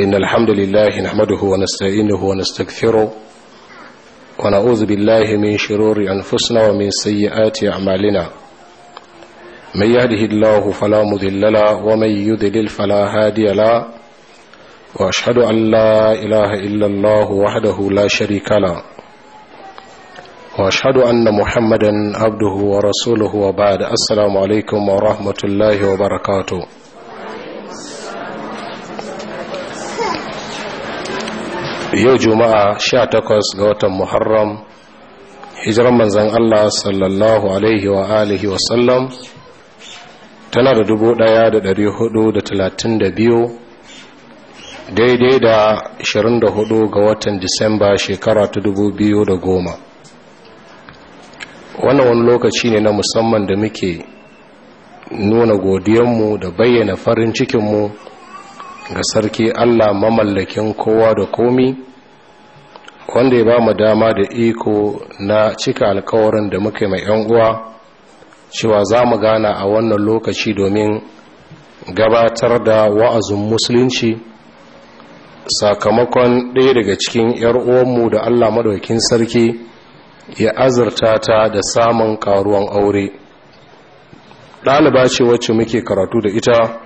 إن الحمد لله نحمده ونستعينه ونستغفره ونعوذ بالله من شرور أنفسنا ومن سيئات أعمالنا من يهده الله فلا مذل له ومن يذلل فلا هادي له وأشهد أن لا إله إلا الله وحده لا شريك له وأشهد أن محمدا عبده ورسوله وبعد السلام عليكم ورحمة الله وبركاته yau juma'a 18 ga watan muharram hijiran manzan Allah sallallahu alaihi wa alihi sallam tana da biyu, daidai da 24 ga watan disamba shekara ta dubu biyu da goma. wannan wani lokaci ne na musamman da muke nuna godiyanmu da bayyana farin cikinmu ga sarki Allah mamallakin kowa da komi wanda ya ba mu dama da iko na cika alkawarin da muke mai yan uwa cewa za mu gana a wannan lokaci domin gabatar da wa'azin musulunci sakamakon ɗaya daga cikin ‘yar uwanmu da Allah maɗaukin sarki ya azurta ta da samun karuwan aure ɗaliba ce wacce muke karatu da ita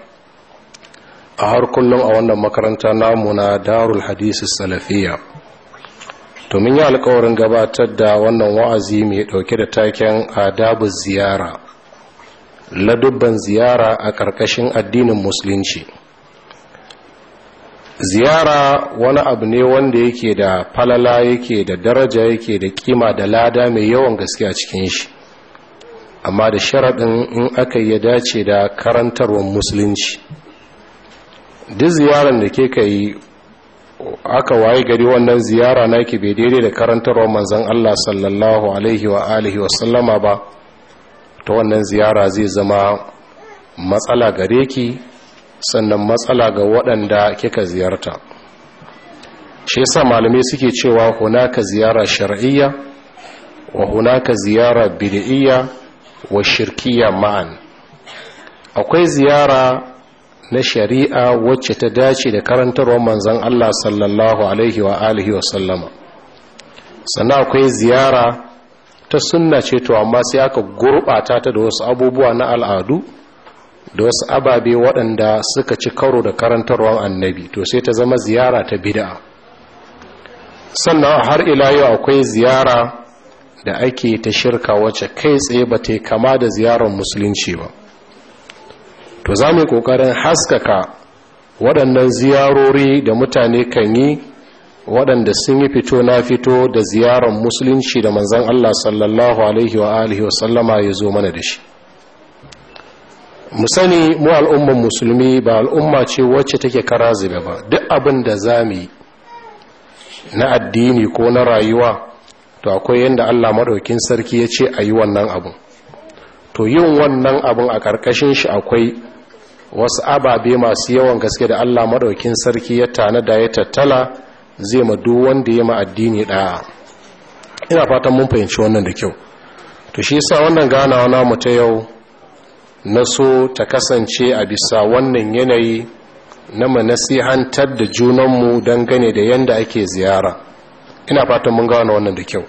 a har kullum a wannan makaranta namu na darul hadisi salafiya domin yi alkawarin gabatar da wannan wa'azi mai dauke da taken adabu ziyara ladubban ziyara a ƙarƙashin addinin musulunci ziyara wani abu ne wanda yake da falala yake da daraja yake da kima da lada mai yawan gaske a cikin shi amma da sharaɗin in aka yi dace da karantarwar musulunci duk ziyarar da ke ka yi aka waye gari wannan ziyara na ke bai daidai da karantarwa manzan Allah sallallahu alaihi wa alihi wa sallama ba ta wannan ziyara zai zama matsala gare ki sannan matsala ga waɗanda kika ziyarta shi yasa malamai suke cewa hunaka ziyara shar'iyya wa hunaka ziyara bid'iyya wa shirkiyya ma'an akwai ziyara na shari'a wacce ta dace da karantarwar manzan Allah sallallahu alaihi wa alihi wa sallama sannan akwai ziyara ta sunna ce to amma sai aka gurɓata ta da wasu abubuwa na al'adu da wasu ababe waɗanda suka ci karo da karantarwar annabi to sai ta zama ziyara ta bid'a sannan har ila akwai ziyara da ake ta shirka wacce kai tsaye ba ta kama da ziyarar musulunci ba to za mu ƙoƙarin haskaka waɗannan ziyarori da mutane kan yi waɗanda sun yi fito na fito da ziyarar musulunci da manzan Allah sallallahu alaihi wa alihi wa sallama ya zo mana da shi mu sani mu al'umman musulmi ba al'umma ce wacce take kara zube ba duk abin da za mu yi na addini ko na rayuwa to akwai yadda Allah maɗaukin sarki ya ce a yi wannan abin to yin wannan abin a ƙarƙashin shi akwai wasu ababe masu yawan gaske da Allah maɗaukin sarki ya tana da ya tattala zai ma duk wanda ya ma addini ɗaya ina fatan mun fahimci wannan da kyau to shi yasa wannan ganawa namu ta yau na so ta kasance a bisa wannan yanayi na manasihantar da junanmu dangane da yanda ake ziyara ina fatan mun gane wannan da kyau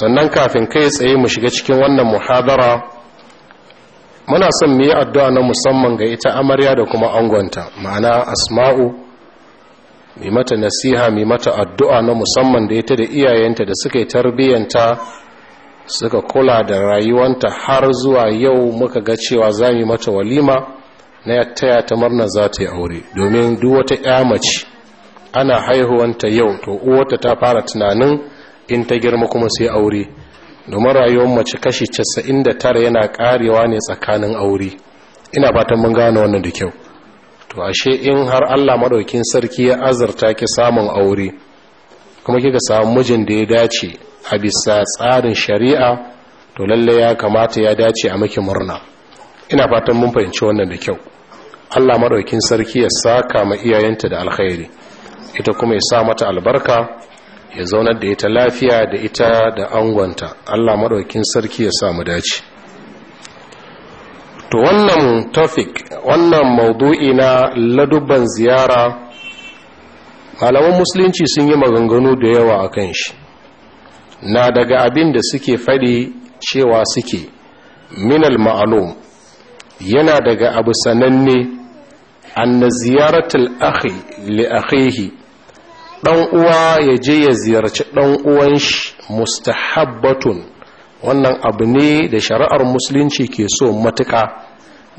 sannan kafin kai tsaye mu shiga cikin wannan muhadara muna son mu yi addu'a na musamman ga ita amarya da kuma angonta ma'ana asma'u mai mata nasiha mai mata addu'a na musamman da ita da iyayenta da suka yi tarbiyyanta suka kula da rayuwanta har zuwa yau muka ga cewa za mu mata walima na taya ta murna za ta yi aure domin duk wata ya mace ana haihuwanta yau to uwarta ta fara tunanin in ta girma kuma sai aure domin rayuwar mace kashi 99 yana karewa ne tsakanin aure ina fatan mun gane wannan da kyau to ashe in har Allah madaukin sarki ya azurta ki samun aure kuma kika samu mijin da ya dace a bisa tsarin shari'a to lalle ya kamata ya dace a miki murna ina fatan mun fahimci wannan da kyau Allah madaukin sarki ya saka ma iyayenta da alkhairi ita kuma ya sa mata albarka ya zaunar da ita lafiya da ita da angonta allah maɗaukin sarki ya samu dace to wannan tofik wannan maudu'i na ladubban ziyara malaman musulunci sun yi maganganu da yawa a kan shi na daga abin da suke faɗi cewa suke minal ma'alum yana daga abu sananne anna ziyaratul akhi li akhihi ɗan uwa ya je ya ziyarci ɗan uwan shi mustahabbatun wannan abu ne da shari'ar musulunci ke so matuka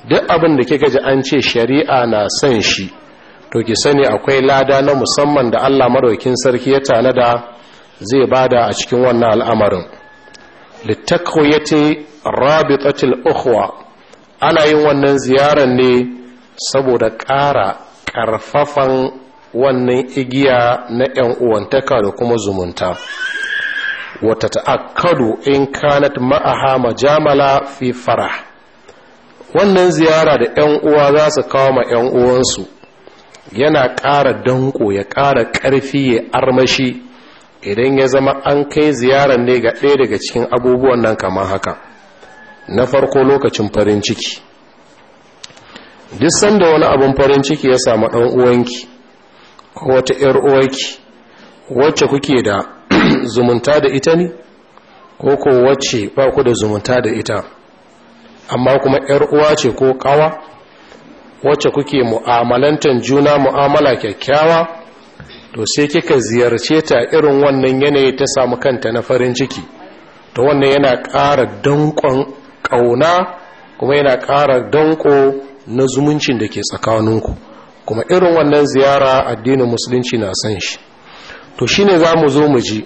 duk abin da kika ji an ce shari'a na son shi to ki sani akwai lada na musamman da Allah madaukin sarki ya da zai bada a cikin wannan al'amarin litakwayati rabitatil ukhwa ana yin wannan ziyarar ne saboda ƙara ƙarfafan wannan igiya na ‘yan uwantaka da kuma zumunta wata ta'akkadu in kanat ma'aha majamala fi fara wannan ziyara da ‘yan uwa za su kawo ma ‘yan uwansu yana ƙara danko ya ƙara ƙarfi ya armashi idan ya zama an kai ziyarar ne ga ɗaya daga cikin abubuwan nan kamar haka na farko lokacin farin ciki duk sanda wani abin farin ciki ya samu ɗan uwanki ko wata ‘yar uwarki wacce kuke da zumunta da ita ne ko ko wacce ba ku da zumunta da ita amma kuma ‘yar uwa ce ko kawa? wacce kuke mu'amalantar juna mu'amala kyakkyawa to sai kika ziyarce ta irin wannan yanayi ta samu kanta na farin ciki to wannan yana ƙara danƙon ƙauna kuma yana ƙara danƙo na zumuncin da ke tsakaninku kuma irin wannan ziyara addinin musulunci na san shi to ne za mu zo mu ji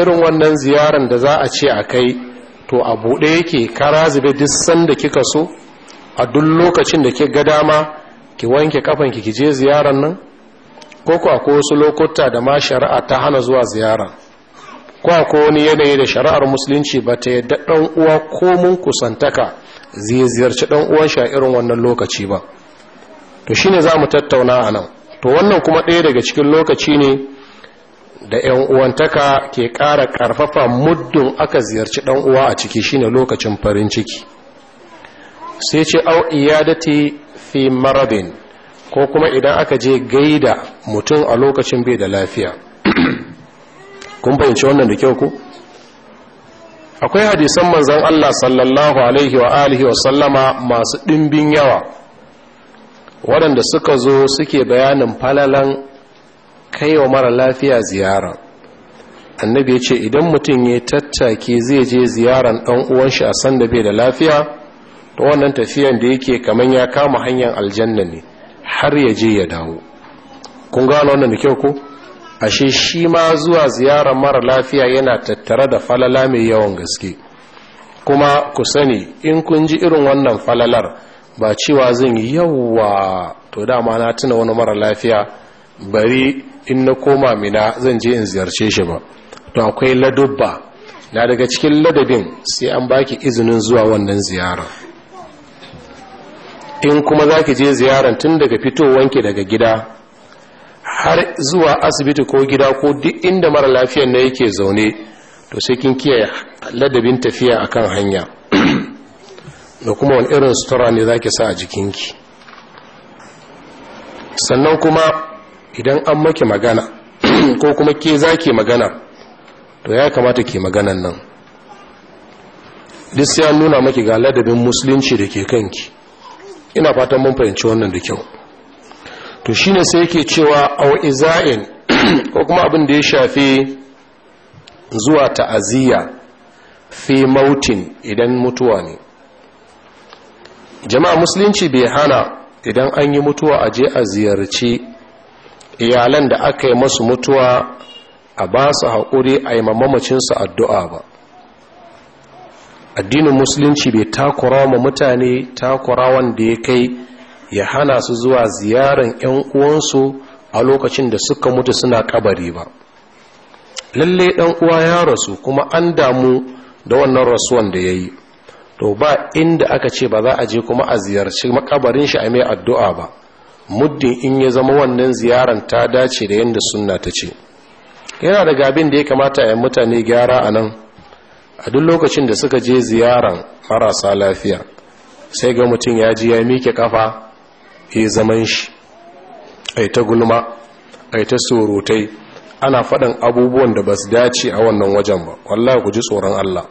irin wannan ziyaran da za a ce a kai to a buɗe yake kara zube duk sanda kika so a duk lokacin da ke ga dama ki wanke kafanki ki je ziyaran nan ko ko akwai wasu lokuta da ma shari'a ta hana zuwa ziyara? ko akwai wani yanayi da shari'ar musulunci ba ta yadda ɗan uwa ko mun kusantaka ziyarci ɗan uwan shi a irin wannan lokaci ba to shine za mu tattauna a nan to wannan kuma ɗaya daga cikin lokaci ne da 'yan uwantaka ke ƙara ƙarfafa muddin aka ziyarci ɗan uwa a ciki shine lokacin farin ciki sai ce au iyadati fi marabin ko kuma idan aka je gaida mutum a lokacin bai da lafiya kun fahimci wannan da kyau ku akwai hadisan manzan Allah sallallahu alaihi wa alihi wa sallama masu ɗimbin yawa waɗanda suka zo suke bayanin falalan kai wa mara lafiya ziyara annabi ya ce idan mutum ya tattake zai je ziyaran ɗan uwan shi a sanda bai da lafiya ta wannan tafiyan da yake kamar ya kama hanyar aljanna ne har ya je ya dawo kun gano wannan da kyau ko ashe shi ma zuwa ziyarar mara lafiya yana tattare da falala mai yawan gaske kuma ku sani in kun ji irin wannan falalar ba cewa zan yi yawwa to dama na tuna wani mara lafiya bari in na koma mina zan je in ziyarce shi ba to akwai ladubba na daga cikin ladabin sai an baki izinin zuwa wannan ziyara in kuma za ki je ziyarar tun daga fitowanki daga gida har zuwa asibiti ko gida ko duk inda mara lafiyan na yake zaune to sai kin kiyaye ladabin tafiya akan hanya da kuma wani irin sutura ne za sa a jikinki sannan kuma idan an maki magana ko kuma ke za ki magana to ya kamata ke maganan nan duk sai nuna maki ga ladabin musulunci da ke kanki ina fatan mun fahimci wannan da kyau to shine sai yake cewa aw iza'in ko kuma abin da ya shafi zuwa ta'aziyya fi mautin idan mutuwa ne jama'a musulunci bai hana idan an yi mutuwa a je a ziyarci iyalan da aka yi masu mutuwa a ba su haƙuri a yi mamacinsu addu'a ba addinin musulunci bai takura wa mutane takura wanda ya kai ya hana su zuwa ziyarar 'yan uwansu a lokacin da suka mutu suna kabari ba Lallai ɗan uwa ya rasu kuma an damu da wannan rasuwan da ya yi to ba inda aka ce ba za a je kuma a ziyarci makabarin shi a mai addu'a ba muddin in ya zama wannan ziyaran ta dace da yadda sunna ta ce yana da gabin da ya kamata a mutane gyara a nan a duk lokacin da suka je ziyaran marasa lafiya sai ga mutum ya ji ya miƙe kafa ya zaman shi yi ta gulma yi ta surutai ana faɗin abubuwan da ba su dace a wannan wajen ba wallahi ku ji tsoron Allah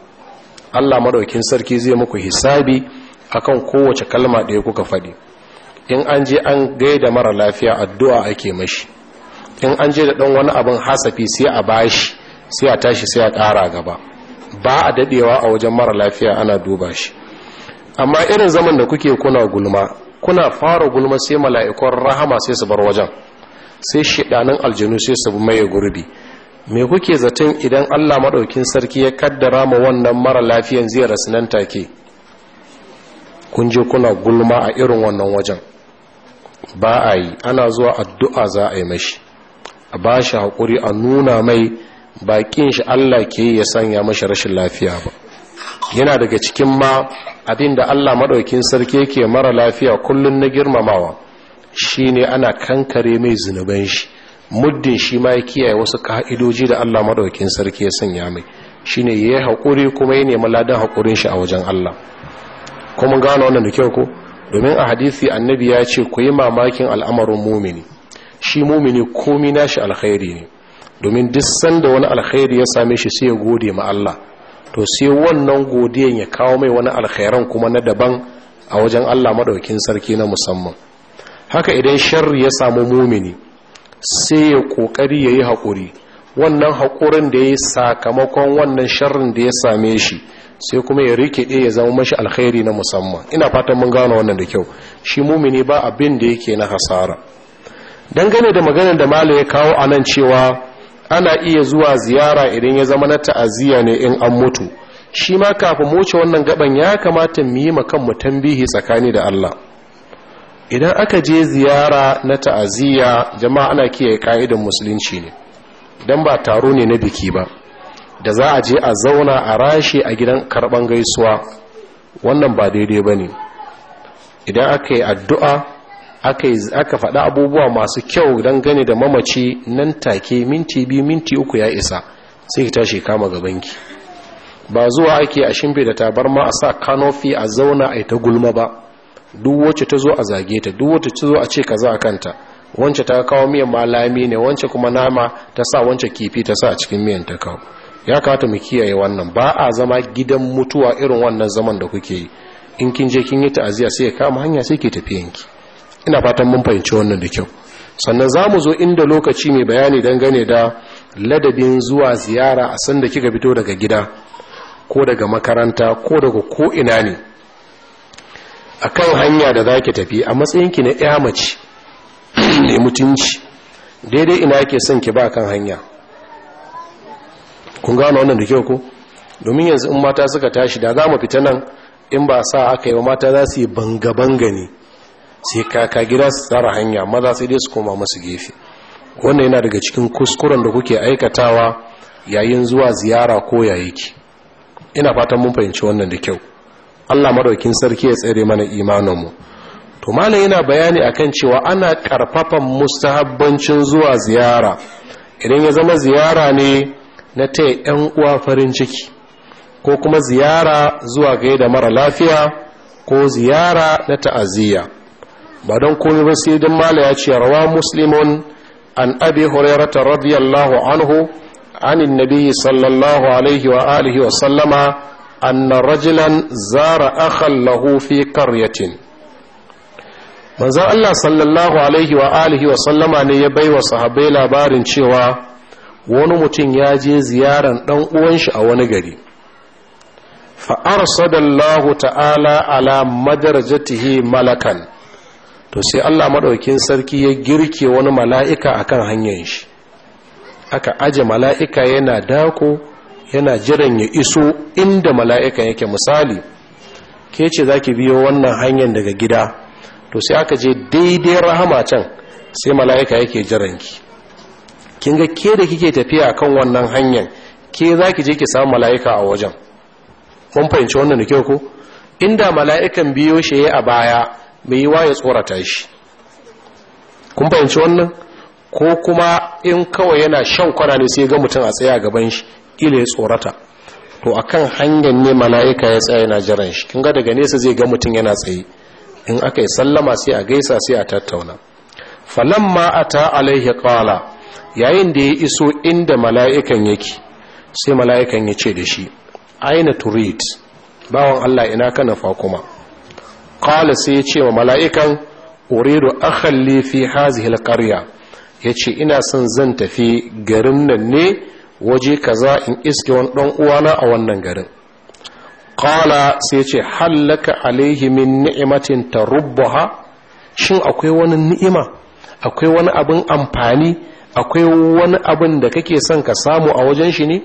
Allah madaukin sarki zai muku hisabi akan kowace kalma da kuka faɗi in an je an gaida mara lafiya addu'a ake mashi in an je da ɗan wani abin hasafi sai a bashi sai a tashi sai a ƙara gaba ba a daɗewa a wajen mara lafiya ana duba shi amma irin zaman da kuke kuna gulma kuna fara gulma sai mala'ikon rahama sai su bar wajen sai shiɗanin aljanu sai su maye gurbi me kuke zaton idan allah maɗaukin sarki ya kaddara ma wannan mara lafiyan zai rasu nan take kun je kuna gulma a irin wannan wajen ba a yi ana zuwa addu'a za a yi mashi a ba shi haƙuri a nuna mai baƙin shi allah ke ya sanya mashi rashin lafiya ba yana daga cikin ma abin da allah maɗaukin sarki yake mara lafiya kullum na girmamawa Shi ne ana kankare mai zunuban shi muddin shi ma ya kiyaye wasu ka'idoji da Allah madaukakin sarki ya sanya mai shi shine yayi hakuri kuma ya nemi ladan hakurin shi a wajen Allah kuma gano wannan da kyau ko domin a hadisi annabi ya ce ku yi mamakin al'amarin mumini shi mumini komi nashi alkhairi ne domin duk sanda wani alkhairi ya same shi sai ya gode ma Allah to sai wannan godiyan ya kawo mai wani alkhairan kuma na daban a wajen Allah madaukakin sarki na musamman haka idan sharri ya samu mumini sai ya kokari ya yi haƙuri wannan haƙurin da ya yi sakamakon wannan sharrin da ya same shi sai kuma ya rikide ya zama mashi alkhairi na musamman ina fatan mun gano wannan da kyau shi mumini ba abin da yake na hasara dangane da maganar da malam ya kawo a nan cewa ana iya zuwa ziyara idan ya zama na ta'aziyya ne in an mutu shi ma kafin mu wuce wannan gaban ya kamata mu yi ma kanmu tambihi tsakani da Allah idan aka je ziyara na ta'aziyya jama'a ana kiyaye ka'idar musulunci ne dan ba taro ne na biki ba da za a je a zauna a rashi a gidan karban gaisuwa wannan ba daidai bane idan aka yi addu'a aka faɗi abubuwa masu kyau dan gane da mamaci nan take minti biyu minti uku ya isa sai ki tashi kama gabanki ba zuwa ake a shimfe da tabarma a sa kanofi a zauna a ta gulma ba duk wacce ta zo a zage ta duk wacce ta zo a ce kaza a kanta wance ta kawo miyan malami ne wance kuma nama ta sa wance kifi ta sa a cikin miyan ta kawo ya kata mu kiyaye wannan ba a zama gidan mutuwa irin wannan zaman da kuke yi in kin je kin yi ta'aziya sai ya kama hanya sai ke tafi yanki ina fatan mun fahimci wannan da kyau sannan za mu zo inda lokaci mai bayani gane da ladabin zuwa ziyara a sanda kika fito daga gida ko daga makaranta ko daga ina ne a kan hanya da zaki tafi a matsayin ki na ya mace ne mutunci daidai ina yake son ki ba kan hanya kun gano wannan da kyau ko domin yanzu in mata suka tashi da za mu fita nan in ba sa aka yi mata za su yi banga-banga ne sai kaka gida su tsara hanya maza sai dai su koma masu gefe wannan yana daga cikin kuskuren da kuke aikatawa yayin zuwa ziyara ko yayiki ina fatan mun fahimci wannan da kyau Allah madaukin sarki ya tsere mana imaninmu to malam yana bayani akan cewa ana karfafan mustahabbancin zuwa ziyara idan ya zama ziyara ne na ta yan uwa farin ciki ko kuma ziyara zuwa ga da mara lafiya ko ziyara na ta'aziyya ba don komai ba sai dan malam ya ce rawa muslimun an abi hurairata radiyallahu anhu عن sallallahu alaihi wa alihi wa sallama. أن رجلا zara أخا له في قرية من Allah sallallahu alaihi wa alihi wa sallama ne ya baiwa sahabbai labarin cewa wani mutum ya je ziyaran ɗan uwanshi a wani gari fa arsadallahu ta'ala ala madarajatihi malakan to sai Allah maɗaukin sarki ya girke wani mala'ika akan hanyar shi aka aje mala'ika yana dako yana jiran ya iso inda mala'ikan yake misali ke ce za ki biyo wannan hanyar daga gida to sai aka je daidai rahama can sai mala'ika yake jiranki kin ga ke da kike tafiya kan wannan hanyar ke za ki je ki samu mala'ika a wajen kun fahimci wannan da kyau ko inda mala'ikan biyo shi a baya mai yiwa ya tsorata shi kun fahimci wannan ko kuma in kawai yana shan kwana ne sai ga mutum a tsaye a gaban shi kila ya tsorata to a kan hanyar ne mala'ika ya tsaye yana jiran shi kin daga nesa zai ga mutum yana tsaye in aka yi sallama sai a gaisa sai a tattauna falamma ata alaihi qala yayin da ya iso inda mala'ikan yake sai mala'ikan ya ce da shi aina turid bawan Allah ina ka nafa kuma qala sai ya ce wa mala'ikan uridu akhalli fi karya alqarya yace ina son zan tafi garin nan ne waje kaza in iske wani ɗan uwana a wannan garin Ƙala sai ce hallaka alaihi min ni'matin rubbaha. shin akwai wani ni'ima akwai wani abin amfani akwai wani abin da kake son ka samu a wajen shi ne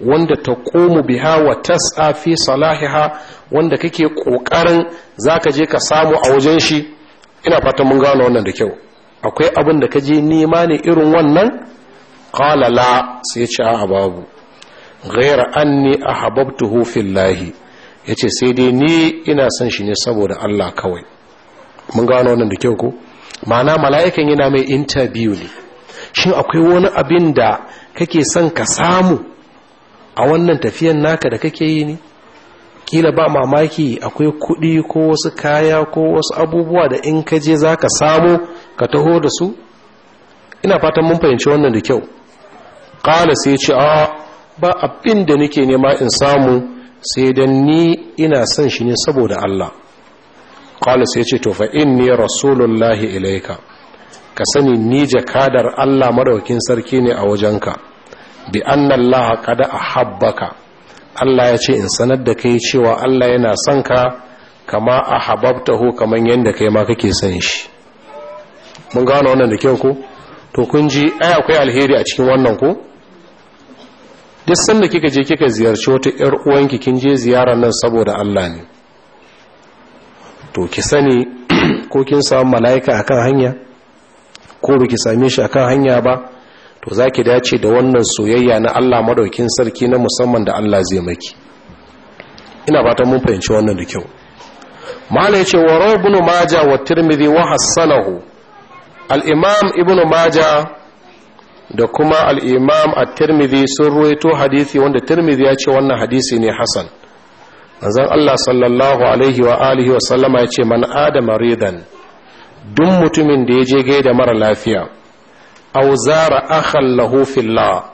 wanda ta komu biha wa tas'a fi salahiha wanda kake kokarin zaka je ka samu a wajen shi ina fatan mun gano wannan da kyau akwai abin da ka je nema ne irin wannan qala la sai ce a babu ghayra anni ahbabtuhu fillahi yace sai dai ni ina son shi ne saboda Allah kawai mun gano wannan da kyau ko ma'ana mala'ikan yana mai interview ne shin akwai wani abin da kake son ka samu a wannan tafiyan naka da kake yi ne kila ba mamaki akwai kuɗi ko wasu kaya ko wasu abubuwa da in ka je za ka samu ka taho da su ina fatan mun fahimci wannan da kyau kala sai ce a ba abin da nake nema in samu sai dan ni ina son shi ne saboda Allah kala sai ce to fa inni rasulullahi ilaika ka sani ni jakadar Allah madaukin sarki ne a wajenka bi annallaha qad ahabbaka Allah ya ce in sanar da kai cewa Allah yana son ka kama ahabbtahu kaman yanda kai ma kake son shi mun gano wannan da kyau ko to kun ji ai akwai alheri a cikin wannan ko duk sanda kika je kika ziyarci wata yar uwanki kin je ziyara nan saboda Allah ne to ki sani ko kin samu mala'ika akan hanya ko baki same shi akan hanya ba to zaki dace da wannan soyayya na Allah madaukin sarki na musamman da Allah zai maki ina fatan mun fahimci wannan da kyau malai yace wa rawu ibn majah wa tirmidhi wa hasanahu al imam ibn majah da kuma al'imam a tirmidhi sun ruwaito hadisi wanda tirmidhi ya ce wannan hadisi ne Hassan. manzan allah sallallahu alaihi wa alihi wa sallama ya ce man adama ridan duk mutumin da ya je gai da mara lafiya au zara akhan lahu fillah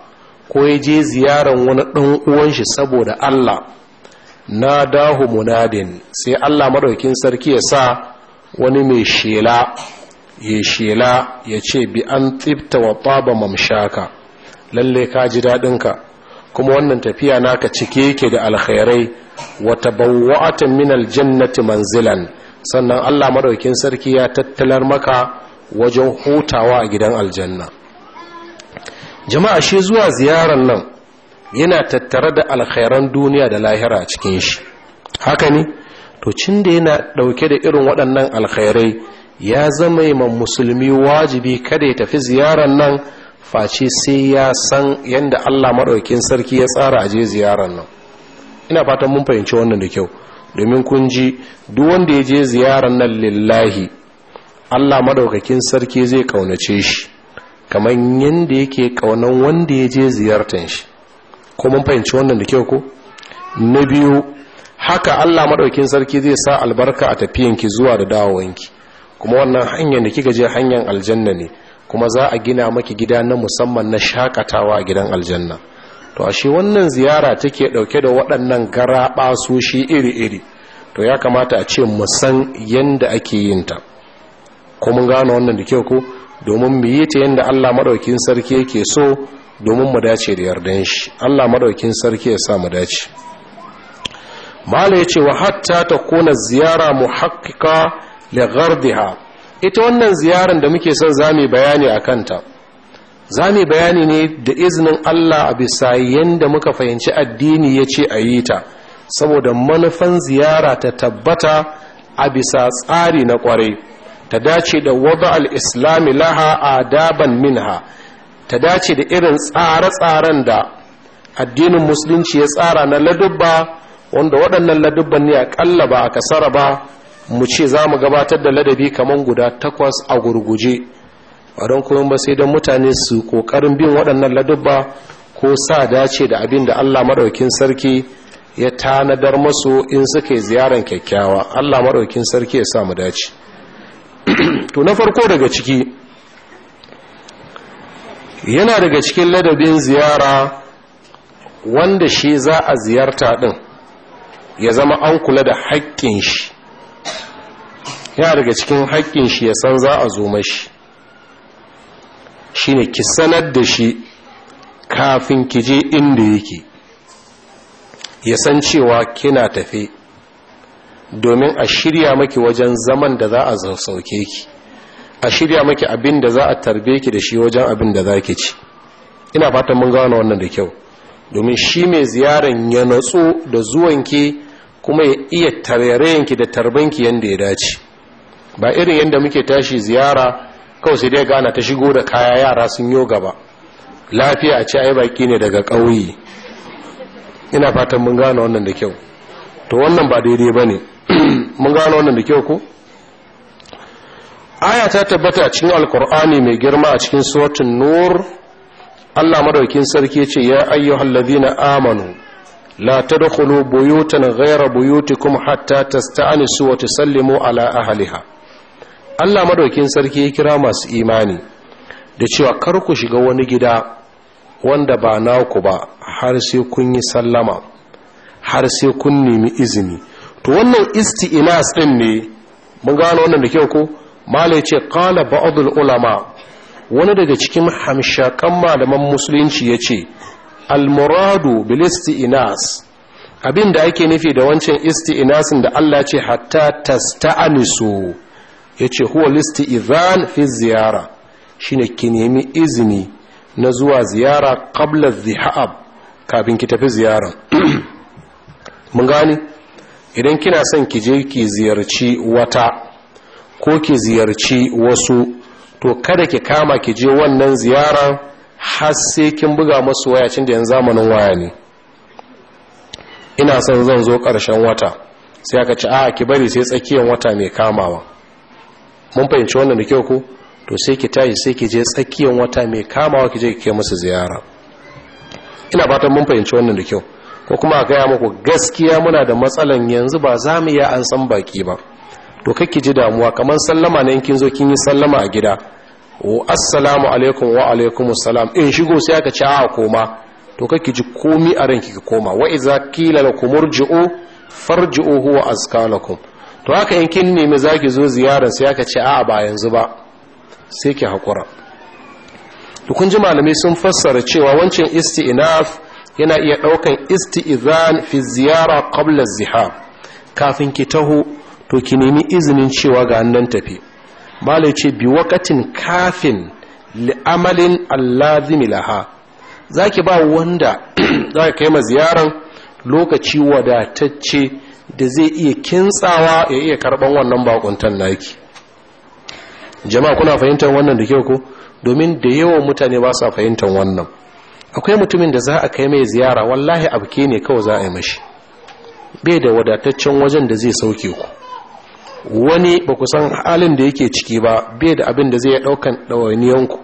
ko ya je ziyaran wani ɗan uwan shi saboda allah na dahu munadin sai allah madaukin sarki ya sa wani mai shela ya shela ya ce bi an tsibta wa taba mamshaka lalle ka ji daɗinka kuma wannan tafiya naka cike yake da alkhairai wata bawwa'atin min aljannati manzilan sannan Allah maɗaukin sarki ya tattalar maka wajen hutawa a gidan aljanna jama'a shi zuwa ziyarar nan yana tattare da alkhairan duniya da lahira cikin shi haka ne to cin yana dauke da irin waɗannan alkhairai ya zama ma musulmi wajibi kada ya tafi ziyarar nan face sai ya san yadda Allah maɗaukin sarki ya tsara aje ziyarar nan ina fatan mun fahimci wannan da kyau domin kun ji duk wanda ya je ziyarar nan lillahi Allah maɗaukakin sarki zai kaunace shi kamar yadda yake kaunan wanda ya je ziyartar shi ko mun fahimci wannan da kyau ko na biyu haka Allah maɗaukin sarki zai sa albarka a tafiyanki zuwa da dawowanki kuma wannan hanyar da kika je hanyar aljanna ne kuma za a gina maki gida na musamman na shakatawa a gidan aljanna to ashe wannan ziyara take dauke da waɗannan gara shi iri-iri to ya kamata a ce musan yanda ake yin ta mun gano wannan da kyau ko domin mu yi ta yanda Allah madaukin sarki yake so domin mu dace da yardan shi Allah madaukin sarki ya sa mu dace mala yace wa hatta takuna ziyara muhaqqiqa lighardiha ita wannan ziyarar da muke son zami bayani a kanta zami bayani ne da izinin Allah a bisa yanda muka fahimci addini ya ce a yi ta saboda manufan ziyara ta tabbata a bisa tsari na kwarai ta dace da wada al-islami laha adaban minha ta dace da irin tsare-tsaren da addinin musulunci ya tsara na ladubba wanda waɗannan ladubban ne a ƙalla ba a kasara ba mu ce za mu gabatar da ladabi kamar guda takwas a gurguje ba don kuma ba sai don mutane su kokarin bin waɗannan ladubba ko sa dace da abin da allah maɗaukin sarki ya tanadar masu in suke ziyaran ziyarar kyakkyawa allah maɗaukin sarki ya sa mu dace to na farko daga ciki yana daga cikin ladabin ziyara wanda shi za a ziyarta ɗin ya zama an kula da haƙƙin shi ya daga cikin haƙƙin shi ya san za a zo mashi shine ki sanar da shi kafin ki je inda yake ya san cewa kina tafe domin a shirya maki wajen zaman da za a sauke ki a shirya maki abin da za a tarbe ki da shi wajen abin da za ki ci ina fatan mun gano wannan da kyau domin shi mai ziyaran ya natsu da zuwanki kuma ya iya tarayyarayenki da tarbanki yadda ya dace ba irin yadda muke tashi ziyara kawai sai dai gana ta shigo da kaya yara sun yo gaba lafiya a ce ai baki ne daga ƙauye ina fatan mun gane wannan da kyau to wannan ba daidai ba ne mun gane wannan da kyau ko aya ta tabbata a cikin alkur'ani mai girma a cikin suratun nur allah madaukin sarki ce ya ayyuhal ladina amanu la tadkhulu buyutan ghayra buyutikum hatta tasta'nisu wa tusallimu ala ahliha Allah madaukin sarki ya kira masu imani da cewa kar ku shiga wani gida wanda ba naku ba har sai kun yi sallama har sai kun nemi izini to wannan isti'nas din ne mun gano wannan da kyau ko malai ce qala ba'dul ulama wani daga cikin hamshakan malaman musulunci yace al muradu bil isti'nas abin ake nufi da wancan isti'nasin da Allah ce hatta tasta'anisu ya ce huwa listi izan fi ziyara shine ki nemi izini na zuwa ziyara kabla zihab kafin ki tafi ziyara mun gani? idan kina son ki je ki ziyarci wata ko ki ziyarci wasu to kada ki kama ki je wannan ziyara har sai kin buga masu waya cin da yan zamanin waya ne ina son zan zo ƙarshen wata sai aka ci a ki bari sai tsakiyar wata mai kamawa mun fahimci wannan da kyau ko to sai ki tashi sai ki je tsakiyar wata mai kamawa ki je ki kai musu ziyara ina fatan mun fahimci wannan da kyau ko kuma gaya muku gaskiya muna da matsalan yanzu ba za mu iya an san baki ba to kai ki ji damuwa kamar sallama ne kin zo kin yi sallama a gida wa assalamu alaikum wa alaikum assalam in shigo sai aka ci a koma to kai ki ji komi a ranki ki koma wa iza qila lakum irji'u farji'u huwa azka to haka in kin nemi zaki zo ziyara sai aka ce a'a ba yanzu ba sai ki hakura to kun ji malamai sun fassara cewa wancan isti'naf yana iya daukan isti'zan fi ziyara qabla zihab kafin ki taho to ki nemi izinin cewa ga nan tafi malai ce bi wakatin kafin li'amalin allazim laha zaki ba wanda zaka kai ma ziyaran lokaci wadatacce da zai iya kintsawa ya iya karban wannan bakuntan naki jama'a kuna fahimtar wannan da kyau ko domin da yawan mutane ba sa fahimtar wannan akwai mutumin da za a kai mai ziyara wallahi abke ne kawai za a yi mashi bai da wadataccen wajen da zai sauke ku wani ba ku san halin da yake ciki ba bai da abin da zai ya ɗaukan ɗawainiyanku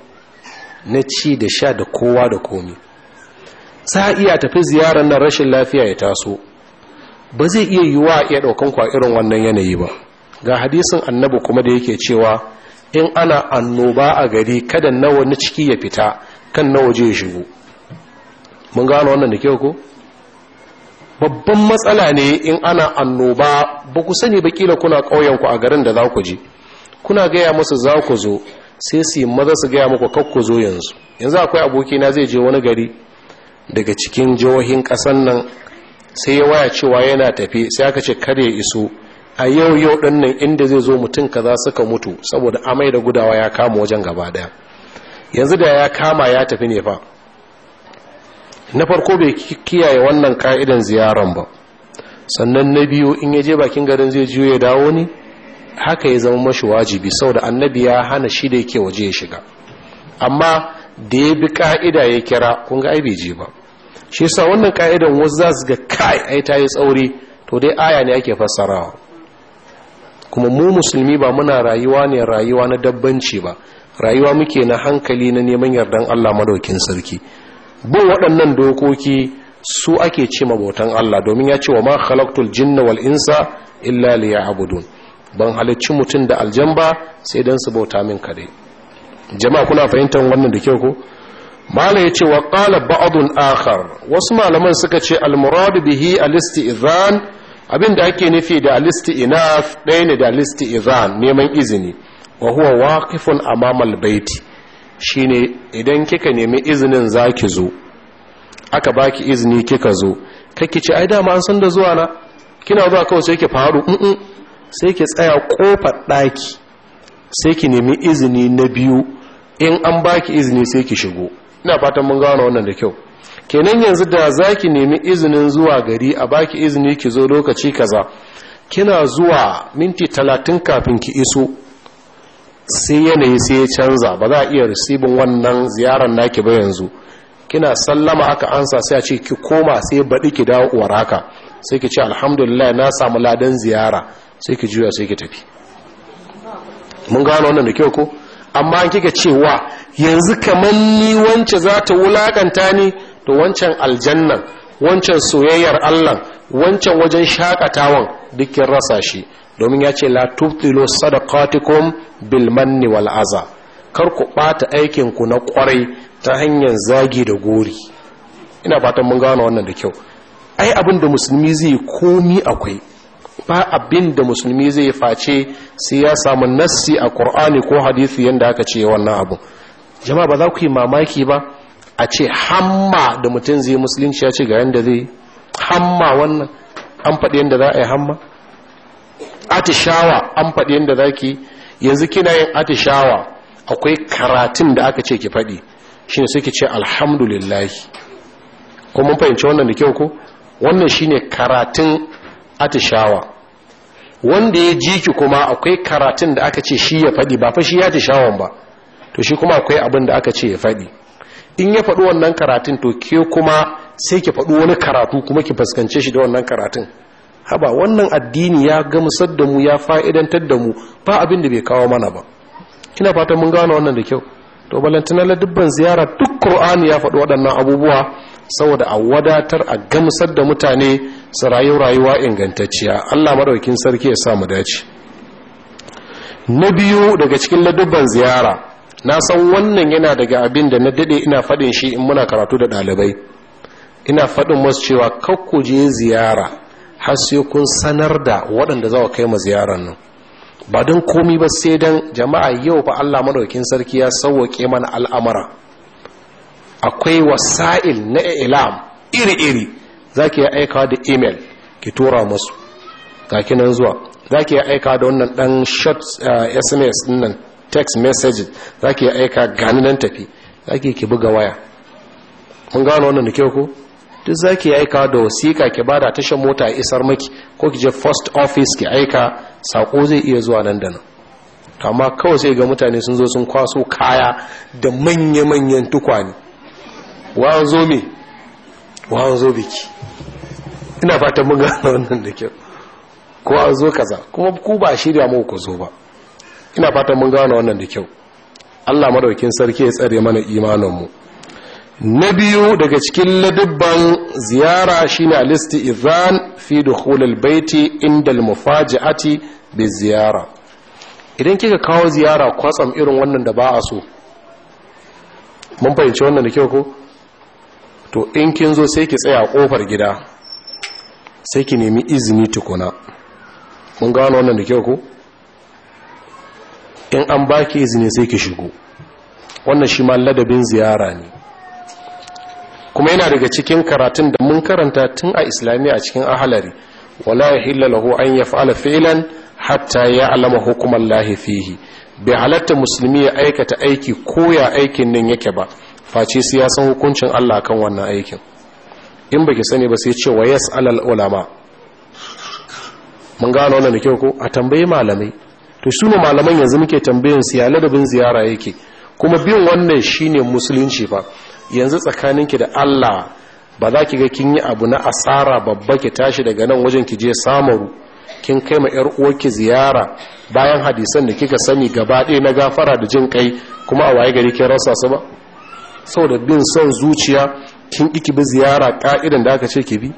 na ci da sha da kowa da komi za a iya tafi ziyarar nan rashin lafiya ya taso ba zai iya yiwa iya ɗaukan kwa irin wannan yanayi ba ga hadisin annabu kuma da yake cewa in ana annoba a gari kada na wani ciki ya fita kan na waje ya shigo mun gano wannan da kyau ko babban matsala ne in ana annoba ba ku sani ba kila kuna ƙauyenku a garin da za ku je kuna gaya musu za ku zo sai su yi maza su gaya muku kakku zo yanzu yanzu akwai abokina zai je wani gari daga cikin jihohin ƙasan nan sai ya waya cewa yana tafi sai aka ce kare iso a yau yau din nan inda zai zo mutum kaza suka mutu saboda amai da gudawa ya kama wajen gaba daya yanzu da ya kama ya tafi ne fa na farko bai kiyaye wannan ka'idan ziyaran ba sannan na biyu in ya je bakin garin zai jiyo ya dawo ne haka ya zama mashi wajibi saboda annabi ya hana shi da yake waje ya shiga amma da ya bi ka'ida ya kira kun ga ai bai je ba shi yasa wannan ka'idan wasu za su ga kai ai ta yi tsauri to dai aya ne ake fassarawa kuma mu musulmi ba muna rayuwa ne rayuwa na dabbanci ba rayuwa muke na hankali na neman yardan Allah madaukin sarki bu waɗannan dokoki su ake ce mabautan Allah domin ya ce wa ma khalaqtul jinna wal insa illa liya'budun ban halicci mutum da aljamba sai dan su bauta min kadai jama'a kuna fahimtar wannan da kyau ko mala ya ce wa ƙala ba'adun akhar wasu malaman suka ce almuradu bihi listi abin da ake nufi da ina ɗaya ne da izan neman izini wa huwa waqifun amamal baiti shine idan kika nemi izinin zaki zo aka baki izini kika zo kake ce ai dama an san da zuwa na kina zuwa kawai sai ki faru mm sai ki tsaya kofar ɗaki sai ki nemi izini na biyu in an baki izini sai ki shigo ina fatan mun gano wannan da kyau kenan yanzu da za ki nemi izinin zuwa gari a baki izini ki zo lokaci kaza kina zuwa minti talatin kafin ki iso sai yanayi sai ya canza ba za a iya risibin wannan ziyarar naki ba yanzu kina sallama aka ansa sai a ce ki koma sai baɗi ki dawo uwar haka sai ki ce alhamdulillah na samu ladan ziyara sai ki juya sai ki tafi mun gano wannan da kyau ko amma an kika cewa yanzu kamar ni wance za ta wulaƙanta ni to wancan aljannan wancan soyayyar Allah wancan wajen shakatawan dukkan rasa shi domin ya ce la tuftilo sadaqatikum bil manni wal kar ku ɓata aikin ku na kwarai ta hanyar zagi da gori ina fatan mun gano wannan da kyau ai abin da musulmi zai komi akwai ba abin da musulmi zai face sai ya samu nassi a ƙur'ani ko hadisi yadda aka ce wannan abu jama'a ba za ku yi mamaki ba a ce hamma da mutum zai musulunci ya ce ga yadda zai hamma wannan an faɗi yadda za a yi hamma atishawa an faɗi yadda za ki yanzu kina yin atishawa akwai karatun da aka ce ki faɗi shine sai ki ce alhamdulillahi ko mun fahimci wannan da kyau ko wannan shine karatun atishawa wanda ya ji ki kuma akwai karatun da aka ce shi ya faɗi ba fa shi ya shawon ba to shi kuma akwai abin da aka ce ya faɗi in ya faɗi wannan karatun to ke kuma sai ki faɗi wani karatu kuma ki fuskance shi da wannan karatun haba wannan addini ya gamsar da mu ya fa'idantar da mu ba abin da bai kawo mana ba ina fatan mun gane wannan da kyau to balantana la dubban ziyara duk Kur'ani ya faɗi waɗannan abubuwa saboda a wadatar a gamsar da mutane su rayu rayuwa ingantacciya allah maɗaukin sarki ya samu dace na biyu daga cikin ladubban ziyara na san wannan yana daga abin da na daɗe ina faɗin shi in muna karatu da ɗalibai ina faɗin masu cewa kakku je ziyara har sai kun sanar da waɗanda za kai ma ziyarar nan ba don komi ba sai don jama'a yau ba allah maɗaukin sarki ya sauwaƙe mana al'amara akwai wasa'il na ilam iri-iri za ki aika da imel ki tura masu Ga nan zuwa za ki aika da wannan dan short sms eh, nan text messages za ki aika gani nan tafi za ki ki buga waya mun gano wannan da kyau ko duk za ki aika da wasiƙa ki bada tashar mota a isar maki ko ki je first office ki aika sako zai iya zuwa nan da nan amma kawai sai ga mutane sun zo sun kwaso kaya da manya-manyan tukwane wa zo me biki ina fatan mun gano wannan da kyau ko an zo kaza kuma ku ba shirya mu ku zo ba ina fatan mun gano wannan da kyau Allah madaukin sarki ya tsare mana imanin mu na biyu daga cikin ladibban ziyara shine alisti izan fi dukhul albayti baiti inda almufaji'ati bi ziyara idan kika kawo ziyara kwatsam irin wannan da ba a so mun fahimci wannan da kyau ko to in kin zo sai ki tsaya kofar gida sai ki nemi izini tukuna mun gano wannan da kyau ko in an baki izini sai ki shigo wannan shi ma ladabin ziyara ne kuma yana daga cikin karatun da mun karanta tun a islamiyya a cikin ahalari wala yahilla lahu an yaf'ala fi'lan hatta ya'lama hukuman hukumar fihi bai halatta musulmi ya aikata aiki ko ya aikin nan yake ba face su ya san hukuncin Allah kan wannan aikin in baki sani ba sai ce wa yas'alal ulama mun gano wannan da ko a tambayi malamai to su ne malaman yanzu muke tambayin su ya ladabin ziyara yake kuma bin wannan shine musulunci fa yanzu ki da Allah ba za ki ga kin yi abu na asara babba ki tashi daga nan wajen ki je samaru kin kai ma yar uwarki ziyara bayan hadisan da kika sani gaba ɗaya na gafara da jin kai kuma a waye gari kin rasa su ba da bin son zuciya kin ki bi ziyara ka'idan da aka ce ki bi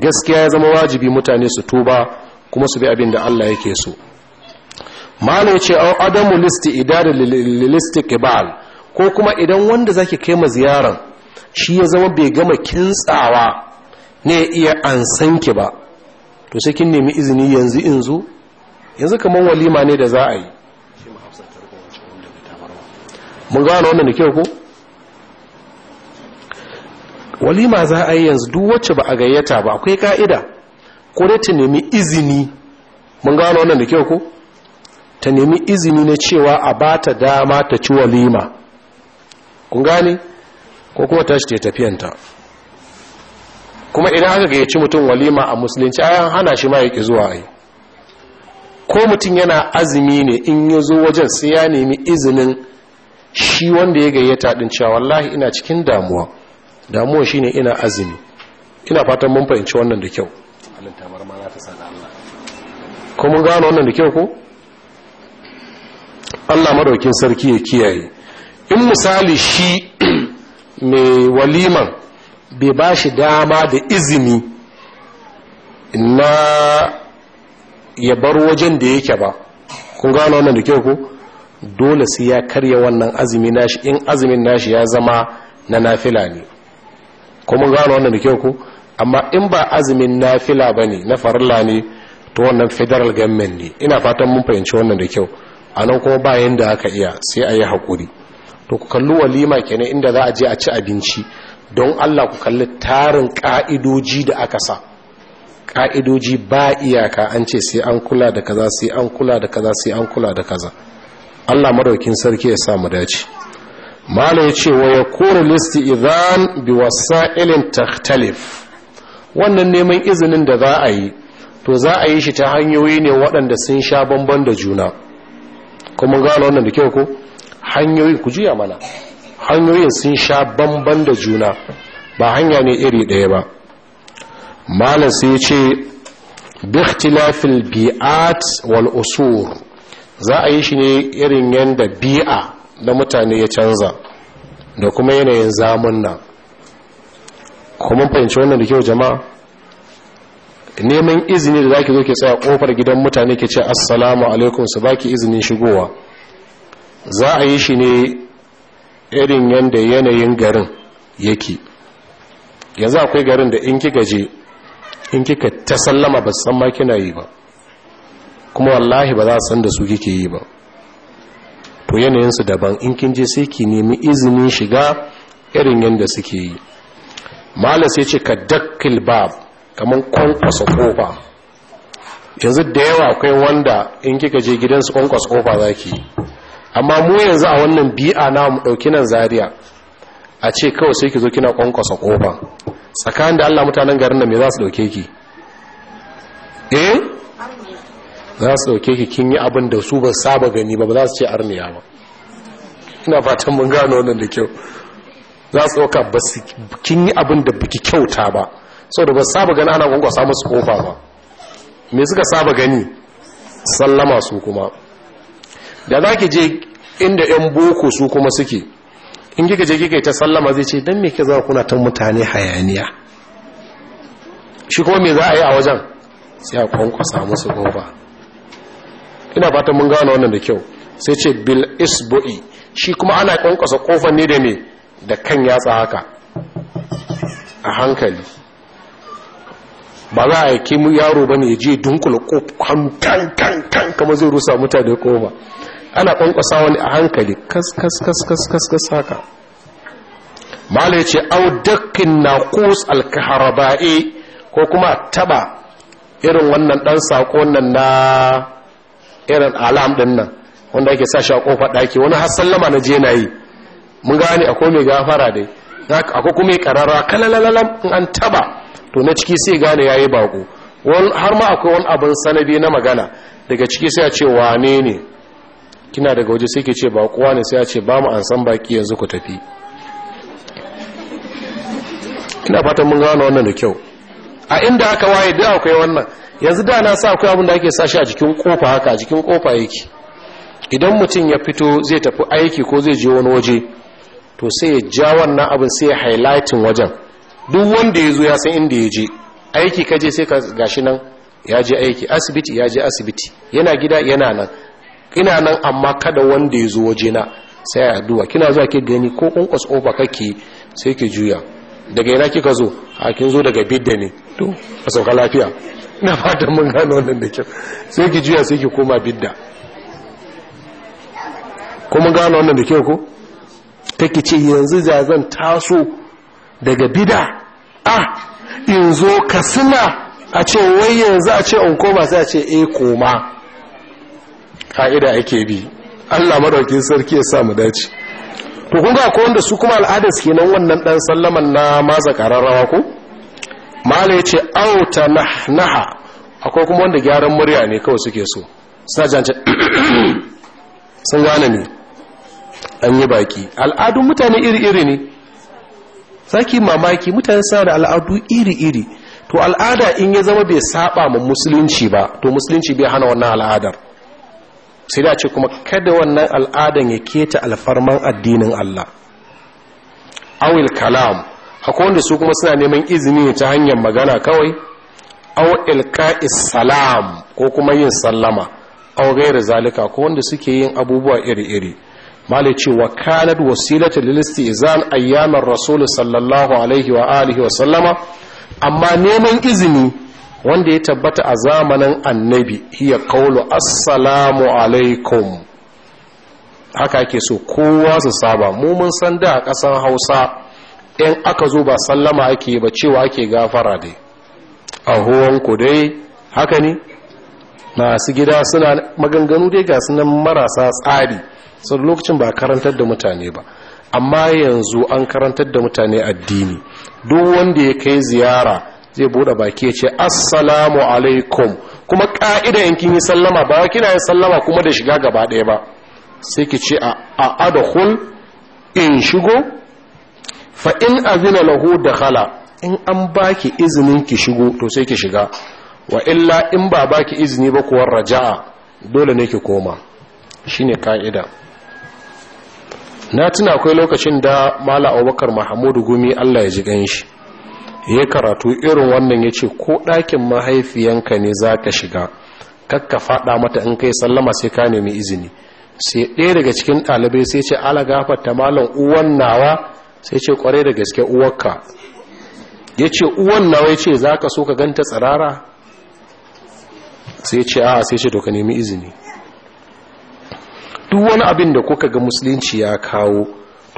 gaskiya ya zama wajibi mutane su tuba kuma su bi abin da Allah yake so malam ya ce au adamu listi idada listi kibal ko kuma idan wanda zaki kai ma ziyaran shi ya zama bai gama kintsawa ne iya ansan ki ba to sai kin nemi izini yanzu in zo yanzu kamar walima ne da za a yi mun gano wannan da kyau ko walima za a yi yanzu duk wacce ba a gayyata ba akwai ka'ida ko dai ta nemi izini mun gano wannan da kyau ko ta nemi izini na cewa a ba ta dama ta ci walima kun gane ko kuma tashi ta tafiyanta kuma idan aka gayyaci mutum walima a musulunci ayan hana shi ma yake zuwa yi ko mutum yana azumi ne in ya zo wajen sai ya nemi izinin shi wanda ya gayyata din cewa wallahi ina cikin damuwa damuwa shine ina azumi ina fatan mun fahimci wannan da kyau Allah ta sada Allah ko mun gano wannan da kyau ko Allah madaukin sarki ya kiyaye in misali shi mai waliman bai bashi dama da izini na ya bar wajen da yake ba kun gano wannan da kyau ko dole sai ya karya wannan azumi nashi in azumin nashi ya zama na nafila ne kuma gano wannan da kyau ku amma in ba azumin nafila ba ne na farilla ne to wannan federal government ne ina fatan mun fahimci wannan da kyau a nan kuma bayan da aka iya sai a yi haƙuri to ku kalli walima kenan inda za a je a ci abinci don allah ku kalli tarin ƙa'idoji da aka sa ka'idoji ba iyaka an ce sai an kula da kaza sai an kula da kaza sai an kula da kaza Allah madaukin sarki ya sa mu dace malam ya ce wa yakuru listi'zan bi wasailin takhtalif wannan neman izinin da za a yi to za a yi shi ta hanyoyi ne waɗanda sun sha bamban da juna kuma gano wannan da kyau ko hanyoyi ku juya mana hanyoyin sun sha bamban da juna ba hanya ne iri ɗaya ba malam sai ce bi ikhtilafil bi'at wal usur za a yi shi ne irin yadda bi'a na mutane ya canza da kuma yanayin zamun nan kuma fahimci wannan da kyau jama'a neman izini da za ki zo ke tsaya kofar gidan mutane ke ce assalamu alaikum su baki izinin shigowa za a yi shi ne irin yadda yanayin garin yake yanzu akwai garin da in kika je in kika ta sallama ba san ma kina yi ba kuma wallahi ba za su san da su kike yi ba to yanayinsu daban in kin je sai ki nemi izini shiga irin yadda suke yi malas ya ce ka dakkil bab kamar kwankwasa kofa yanzu da yawa akwai wanda in kika je gidansu kwankwasa kofa za ki amma mu yanzu a wannan bi'a na mu ɗauki nan zaria a ce kawai sai ki zo kina kwankwasa kofa tsakanin da allah mutanen garin nan me za su ɗauke ki eh za su dauke ki kin yi abin da su ba saba gani ba ba za su ce arniya ba ina fatan mun gano wannan da kyau za su dauka ba kin yi abin da biki kyauta ba saboda ba saba gani ana samu musu kofa ba me suka saba gani sallama su kuma da za ki je inda 'yan boko su kuma suke in kika je kika ta sallama zai ce dan me ke za kuna ta mutane hayaniya shi kuma me za a yi a wajen sai a kwankwasa musu kofa ina fatan mun gano wannan da kyau sai ce bil isbu'i shi kuma ana kankasa kofar ne da me da kan yatsa haka a hankali ba za a yake mu yaro ba ne ya je dunkula kofar kan kan kan kama zai rusa mutane kofa ana kankasa wani a hankali kas kas kas kas kas kas haka malai ce au na kus alkaharaba'i ko kuma taba irin wannan dan sako na irin alam din nan wanda ake sa shi a kofar ɗaki wani har sallama na je na yi mun gane akwai mai gafara dai akwai kuma mai karara kalalalalam in an taba to na ciki sai gane yayi bako har ma akwai wani abin sanadi na magana daga ciki sai a ce wane ne kina daga waje sai ke ce bakuwa ne sai a ce ba mu an san baki yanzu ku tafi ina fatan mun gano wannan da kyau a inda aka waye da akwai wannan yanzu da na sa akwai abin da ake sa a jikin kofa haka a jikin kofa yake idan mutum ya fito zai tafi aiki ko zai je wani waje to sai ya ja wannan abin sai ya highlighting wajen duk wanda ya zo ya san inda ya je aiki ka je sai ka gashi nan ya je aiki asibiti ya je asibiti yana gida yana nan ina nan amma kada wanda ya zo waje na sai ya duwa kina zuwa ke gani ko kunkwas ofa kake sai ke juya daga yana kika zo a kin zo daga bidda ne to a sauka lafiya na fatan mun gano wannan da kyau sai ki juya sai ki koma bidda kuma gano wannan da kyau ko take ce yanzu za zan taso daga bidda ah in zo ka a ce wai yanzu a ce in koma sai a ce eh koma ka'ida ake bi Allah maɗaukin sarki ya sa mu dace to kun ga akwai wanda su kuma al'adar kenan wannan dan sallaman na maza kararrawa ko mala ya ce auta naha akwai kuma wanda gyaran murya ne kawai suke so suna jance sun gane ne an yi baki al'adun mutane iri-iri ne zaki mamaki mutane suna da al'adu iri-iri to al'ada in ya zama bai saba ma musulunci ba to musulunci bai hana wannan al'adar sai da ce kuma kada wannan al'adan ya keta alfarman addinin Allah awil kalam akwai wanda su kuma suna neman izini ta hanyar magana kawai aw ilka'is salam ko kuma yin sallama aw ghairu zalika ko wanda suke yin abubuwa iri-iri malai ce wa kanat wasilatu lil istizan ayyamar rasul sallallahu alaihi wa alihi wa sallama amma neman izini wanda ya tabbata a zamanin annabi hiya qawlu assalamu alaikum haka ake so kowa su saba mu mun san da a ƙasar Hausa in aka zo ba sallama ake ba cewa ake gafara dai a huwanku dai haka ne masu gida suna maganganu dai ga sunan marasa tsari sun lokacin ba karantar da mutane ba amma yanzu an karantar da mutane addini duk wanda ya kai ziyara zai bude baki ya ce assalamu alaikum kuma ka'ida in kin yi sallama ba kina yin sallama kuma da shiga gaba ɗaya ba sai ki ce a adahul in shigo fa in azina lahu dakhala in an baki izinin ki shigo to sai ki shiga wa illa in ba baki izini ba kuwa raja'a dole ne ki koma shine ka'ida na tuna akwai lokacin da mala abubakar mahamudu gumi allah ya ji ganshi ya karatu irin wannan ya ce ko ɗakin mahaifiyanka ne za ka shiga kakka faɗa mata in kai sallama sai ka nemi izini sai ɗaya daga cikin ɗalibai sai ce ala gafarta malam uwan nawa sai ce kwarai da gaske uwarka ya ce uwan nawa ya ce za ka so ka ganta tsarara? sai ce a sai ce to nemi izini duk wani abin da kuka ga musulunci ya kawo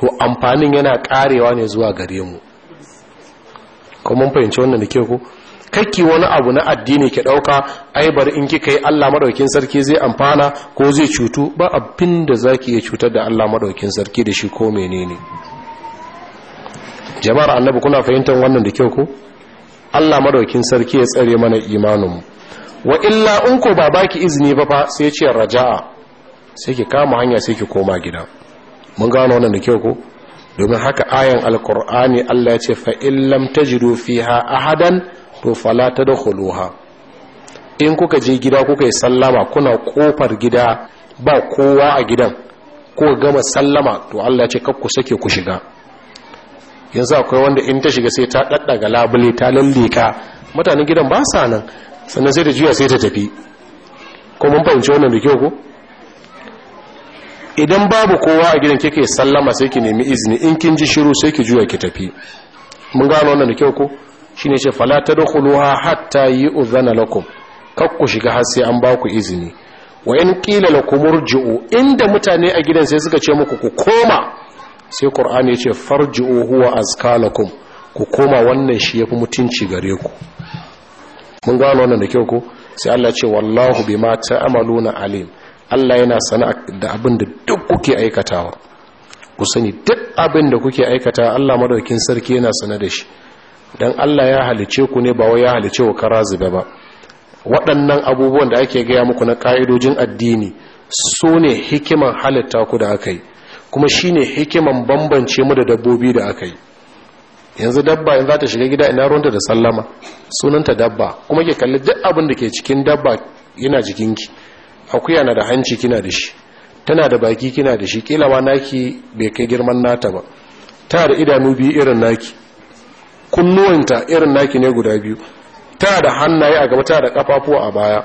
to amfanin yana karewa ne zuwa gare mu kuma fahimci wannan da ke ku kakki wani abu na addini ke dauka aibar in kika yi Allah madaukin sarki zai amfana ko zai cutu ba abin da zaki iya cutar da Allah madaukin sarki da shi ko menene jama'ar annabi kuna fahimtar wannan da kyau ko Allah madaukin sarki ya tsare mana imaninmu wa illa in ko ba baki izini ba fa sai ce raja'a sai ki kama hanya sai ki koma gida mun gano wannan da kyau ko domin haka ayan alqur'ani Allah ya ce fa illam tajidu fiha ahadan to fala tadkhuluha in kuka je gida kuka yi sallama kuna kofar gida ba kowa a gidan ko gama sallama to Allah ya ce kar ku sake ku shiga yanzu akwai wanda in ta shiga sai ta ga labule ta lalleka mutanen gidan ba sa nan sannan sai ta juya sai ta tafi ko mun fahimci wannan da kyau ko idan babu kowa a gidan kike sallama sai ki nemi izini in kin ji shiru sai ki juya ki tafi mun gano wannan da kyau ko shine ce fala tadkhuluha hatta yu'zana lakum kar ku shiga har sai an ba ku izini wa in qila lakum urji'u inda mutane a gidan sai suka ce muku ku koma sai ya ce farji ohuwa a azkalakum ku koma wannan shi ya fi mutunci gare ku mun gano wannan da kyau ku. sai Allah ce wallahu bi amalu na alim Allah yana sana da abin da duk kuke aikatawa ku sani duk abin da kuke aikata Allah madaukin sarki yana sana da shi don Allah ya halice ku ne ba wai ya halice wa kara zube ba waɗannan abubuwan da ake gaya muku na ƙa'idojin addini su ne hikiman halitta ku da aka yi kuma shi ne hikiman bambance mu da dabbobi da aka yi yanzu dabba in za ta shiga gida ina ruwanta da sallama sunanta dabba kuma ke kalli duk abin da ke cikin dabba yana jikinki akuya na da hanci kina da shi tana da baki kina da shi kila ma naki bai kai girman nata ba tana da idanu biyu irin naki kunnuwanta irin naki ne guda biyu tana da hannaye a gaba tana da kafafuwa a baya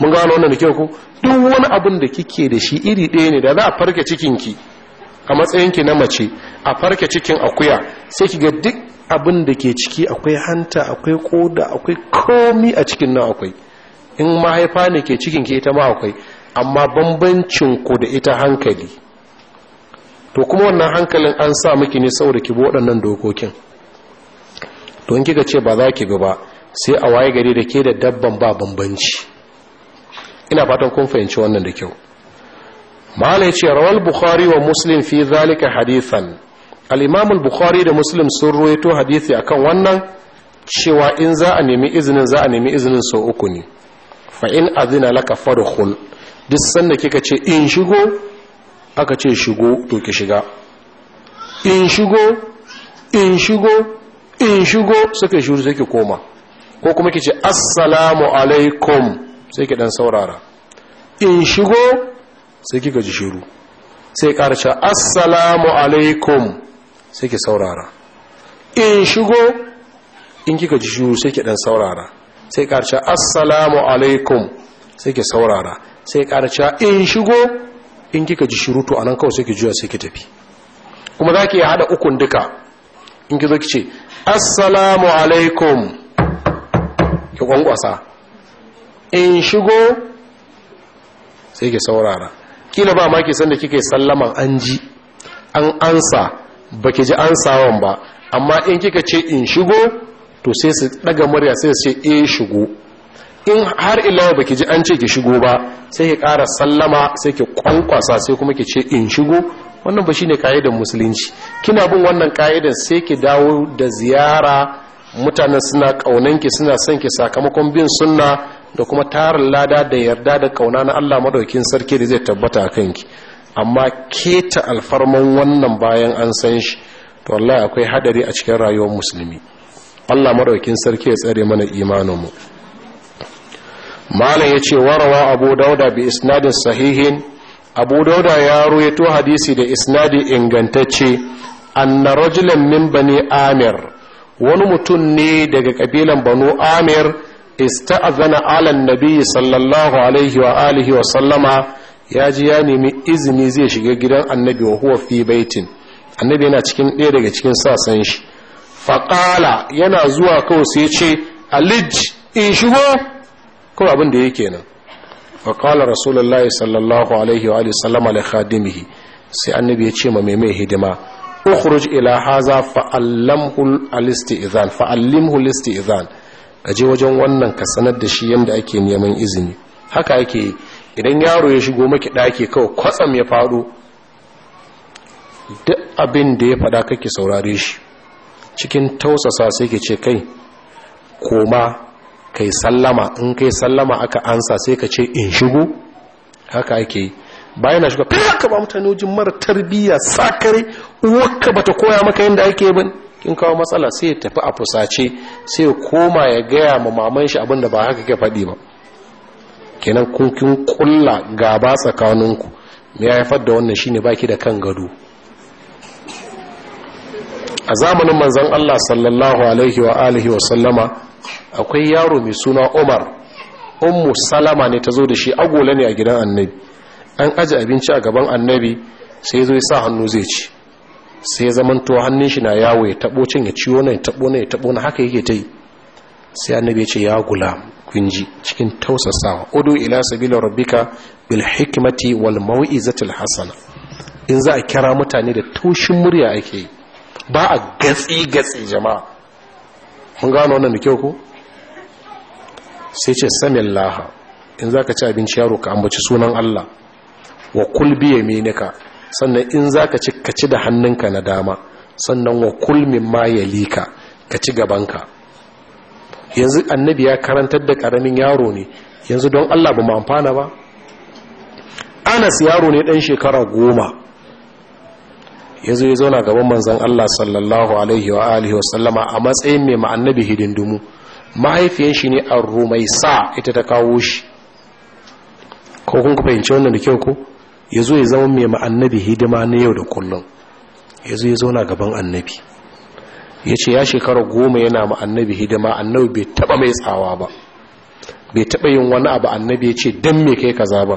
mun gano wannan da kyau ku duk wani abin da kike da shi iri ɗaya ne da za a farke cikinki a matsayinki na mace a farke cikin akuya sai ki ga duk abin da ke ciki akwai hanta akwai koda akwai komi a cikin nan akwai in mahaifa ne ke cikin ita ma akwai amma bambancin ku da ita hankali to kuma wannan hankalin an sa miki ne saboda ki bi waɗannan dokokin to in kika ce ba za ki bi ba sai a waye gari da ke da dabban ba bambanci ina fatan kun fahimci wannan da kyau malai ce rawal bukhari wa muslim fi zalika hadithan al-imam al-bukhari da muslim sun ruwaito hadisi akan wannan cewa in za a nemi izinin za a nemi izinin sau uku ne fa in azina laka fadkhul duk sanda kika ce in shigo aka ce shigo to ki shiga in shigo in shigo in shigo suka shuru sai ki koma ko kuma ki ce assalamu alaikum sai ki dan saurara in shigo sai kika ji shiru sai karshe assalamu alaikum sai ki saurara in shigo in kika ji shiru sai ki dan saurara sai karshe assalamu alaikum sai ki saurara sai karshe in shigo in kika ji shiru to anan kawai sai ki juya sai ki tafi kuma za ki hada ukun duka in ki zo ki ce assalamu alaikum ki kwankwasa in shigo sai ke saurara kila ba ma ke san da kike sallaman an ji an ansa ba ki ji an sawon ba amma in kika ce in shigo to sai su daga murya sai su ce e shigo in har ilawa baki ji an ce ki shigo ba sai ki kara sallama sai ki kwankwasa sai kuma ki ce in shigo wannan ba shine kaidan musulunci kina bin wannan kaidan sai ki dawo da ziyara mutanen suna kaunanki suna son ki sakamakon bin sunna da kuma tarin lada da yarda da ƙauna na Allah madaukin sarki da zai tabbata a kanki amma keta alfarman wannan bayan an san shi to wallahi akwai hadari a cikin rayuwar musulmi Allah madaukin sarki ya tsare mana imaninmu malam ya ce warawa abu dauda bi isnadin sahihin abu dauda ya ruwaito hadisi da isnadi ingantacce anna rajulan min bani amir wani mutum ne daga kabilan banu amir ista'azana alan nabi sallallahu alaihi wa alihi wa sallama ya ji ya nemi izini zai shiga gidan annabi wa huwa fi baitin annabi yana cikin ɗaya daga cikin sasan shi faƙala yana zuwa kawai sai ce alij in shigo kawai abin da yake nan faƙala rasulullah sallallahu alaihi wa sallama da khadimihi sai annabi ya ce ma mai mai hidima ukhruj ila haza fa'allamhu al-istizan fa'allimhu a je wajen wannan ka sanar da shi yadda ake neman izini haka ake idan yaro ya shigo maki ɗaki kawai kwatsam ya faɗo duk abin da ya faɗa kake saurare shi cikin tausasa sai ke ce kai koma kai sallama in kai sallama aka ansa sai ka ce in shigo haka ake yi bayan na shiga fi haka ba mutane wajen mara tarbiyya sakare ba bata koya maka yadda ake bin kin kawo matsala sai ya tafi a fusace sai ya koma ya gaya ma maman shi abin ba haka ke faɗi ba kenan kun kin kulla gaba tsakaninku me ya haifar da wannan shine baki da kan gado a zamanin manzon Allah sallallahu alaihi wa alihi wa sallama akwai yaro mai suna Umar ummu Salama ne ta zo da shi agola ne a gidan annabi an aje abinci a gaban annabi sai zo ya sa hannu zai ci sai ya to hannun shi na yawo ya tabo cin ya ciwo na ya tabo na ya tabo na haka yake ta yi sai annabi ya ce ya gula kunji cikin tausasawa udu ila sabila rabbika bil hikmati wal mau'izatil hasana in za a kira mutane da taushin murya ake yi ba a gatsi gatsi jama'a mun gano wannan da kyau ko sai ce samillaha in za ka ci abinci yaro ka ambaci sunan Allah wa kul bi yaminika sannan in za ka ci kaci da hannunka na dama sannan wa kulmin ma ya lika ka ci gabanka yanzu annabi ya karantar da karamin yaro ne yanzu don allah ba amfana ba anas yaro ne dan shekara goma ya ya zauna gaban manzan allah sallallahu alaihi wa alihi wa sallama a matsayin mai ma'annabi hidindumu mahaifiyan shi ne a sa ita ta kawo shi ko kun fahimci wannan da kyau ko ya zo ya zama mai ma'annabi hidima na yau da kullum ya zo ya zauna gaban annabi ya ce ya shekara goma yana ma'annabi hidima annabi bai taba mai tsawa ba bai taba yin wani abu annabi ya ce don me kai kaza ba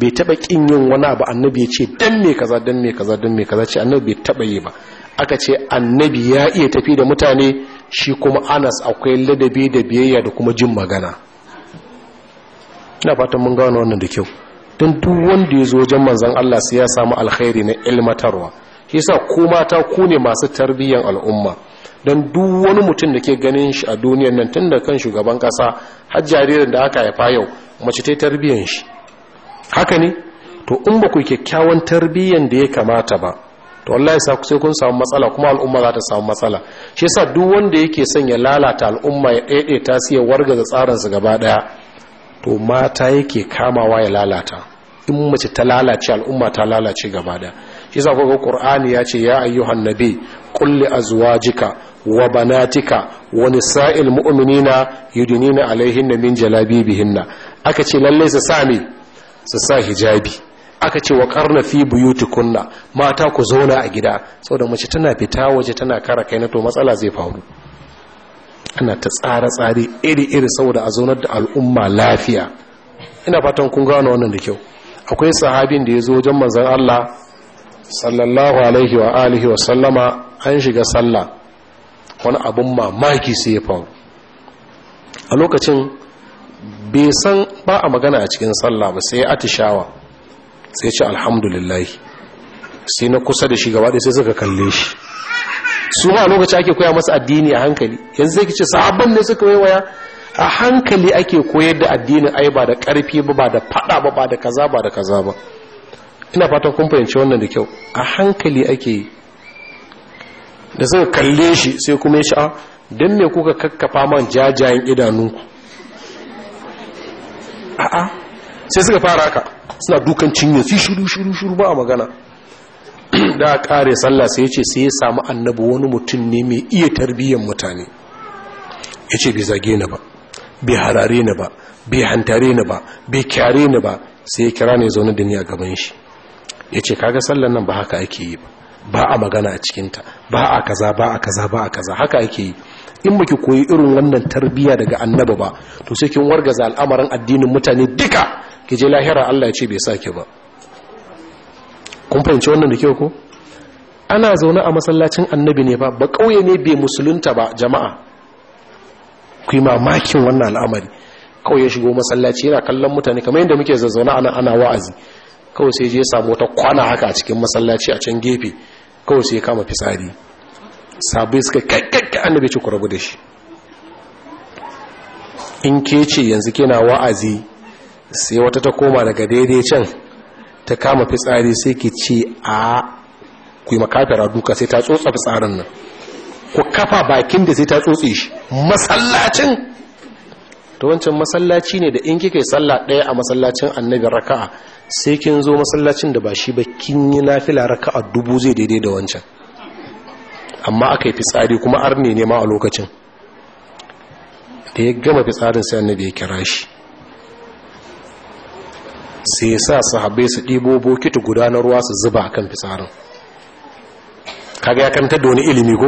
bai taba kin yin wani abu annabi ya ce don me kaza don me kaza don me kaza ce annabi bai taba yi ba aka ce annabi ya iya tafi da mutane shi kuma anas akwai ladabi da biyayya da kuma jin magana ina fatan mun gano wannan da kyau don duk wanda ya zo wajen manzon Allah sai ya samu alkhairi na ilmatarwa shi yasa ko mata ku ne masu tarbiyyar al'umma don duk wani mutum da ke ganin shi a duniyar nan tun da kan shugaban kasa har jaririn da aka haifa yau mace ta tarbiyyar shi haka ne to in ba ku kyakkyawan tarbiyyar da ya kamata ba to wallahi sa sai kun samu matsala kuma al'umma za ta samu matsala shi yasa duk wanda yake son ya lalata al'umma ya ɗaiɗaita su ya wargaza tsarin su gaba ɗaya to mata yake kamawa ya lalata in mace ta lalace al'umma ta lalace gaba da shi sa kuka qur'ani ya ce ya ayyuhan nabi a zuwa azwajika wa banatika wa nisa'il mu'minina yudinina alaihinna min jalabibihinna aka ce lalle su sa ne su sa hijabi aka ce wa karna fi buyutikunna mata ku zauna a gida saboda mace tana fita waje tana kara kai na to matsala zai faru ana ta tsare-tsare iri-iri saboda a zaunar da al'umma lafiya ina fatan kun gano wannan da kyau akwai sahabin da ya zo wajen manzan Allah sallallahu alaihi wa alihi wa sallama an shiga sallah wani abin mamaki sai ya faru a lokacin bai san ba a magana a cikin sallah ba sai ya atishawa sai ce alhamdulillahi sai na kusa da shi gaba da sai suka kalle shi su ma lokaci ake koya masa addini a hankali yanzu zai kice sabon ne suka waiwaya a hankali ake koyar da addinin ai ba da karfi ba ba da fada ba ba da kaza ba da kaza ba ina fatan kun fahimci wannan da kyau a hankali ake yi da suka kalle shi sai kuma ya a ah, dan me kuka kakkafa man jajayen idanunku a'a sai suka fara haka suna dukan cinye su shuru shuru shuru ba a magana da a kare sallah sai ya ce sai ya samu annabi wani mutum ne mai iya tarbiyyar mutane ya ce bai zage ni ba bai harare ni ba bai hantare ni ba bai kyare ni ba sai ya kira ne zaune da ni a gaban shi ya ce kaga sallar nan ba haka ake yi ba ba a magana a cikinta ba a kaza ba a kaza ba a kaza haka ake yi in baki koyi irin wannan tarbiyya daga annaba ba to sai kin wargaza al'amarin addinin mutane duka ki je lahira Allah ya ce bai sake ba kun fahimci wannan da kyau ko ana zaune a masallacin annabi ne ba ba ƙauye ne bai musulunta ba jama'a ku yi mamakin wannan al'amari kawai ya shigo masallaci yana kallon mutane kamar yadda muke zazzauna nan ana wa'azi kawai sai je samu wata kwana haka a cikin masallaci a can gefe kawai sai ya kama fisari sabai suka kakkakke annabi ci ku da shi in ke ce yanzu kina wa'azi sai wata ta koma daga daidai can ta kama fitsari sai ki ce a ku yi makafira duka sai ta tsotsa fitsarin nan ku kafa bakin da sai ta tsotse shi masallacin ta wancan masallaci ne da in kika yi sallah ɗaya a masallacin annabin raka'a sai kin zo masallacin da ba shi ba kin yi nafila raka'a dubu zai daidai da wancan amma aka yi fitsari kuma arne ne ma a lokacin da ya gama fitsarin sai annabi ya kira shi sai sa sahabbai su ɗibo bokiti gudanar ruwa su zuba kan fitsarin kaga ya kanta da wani ilimi ko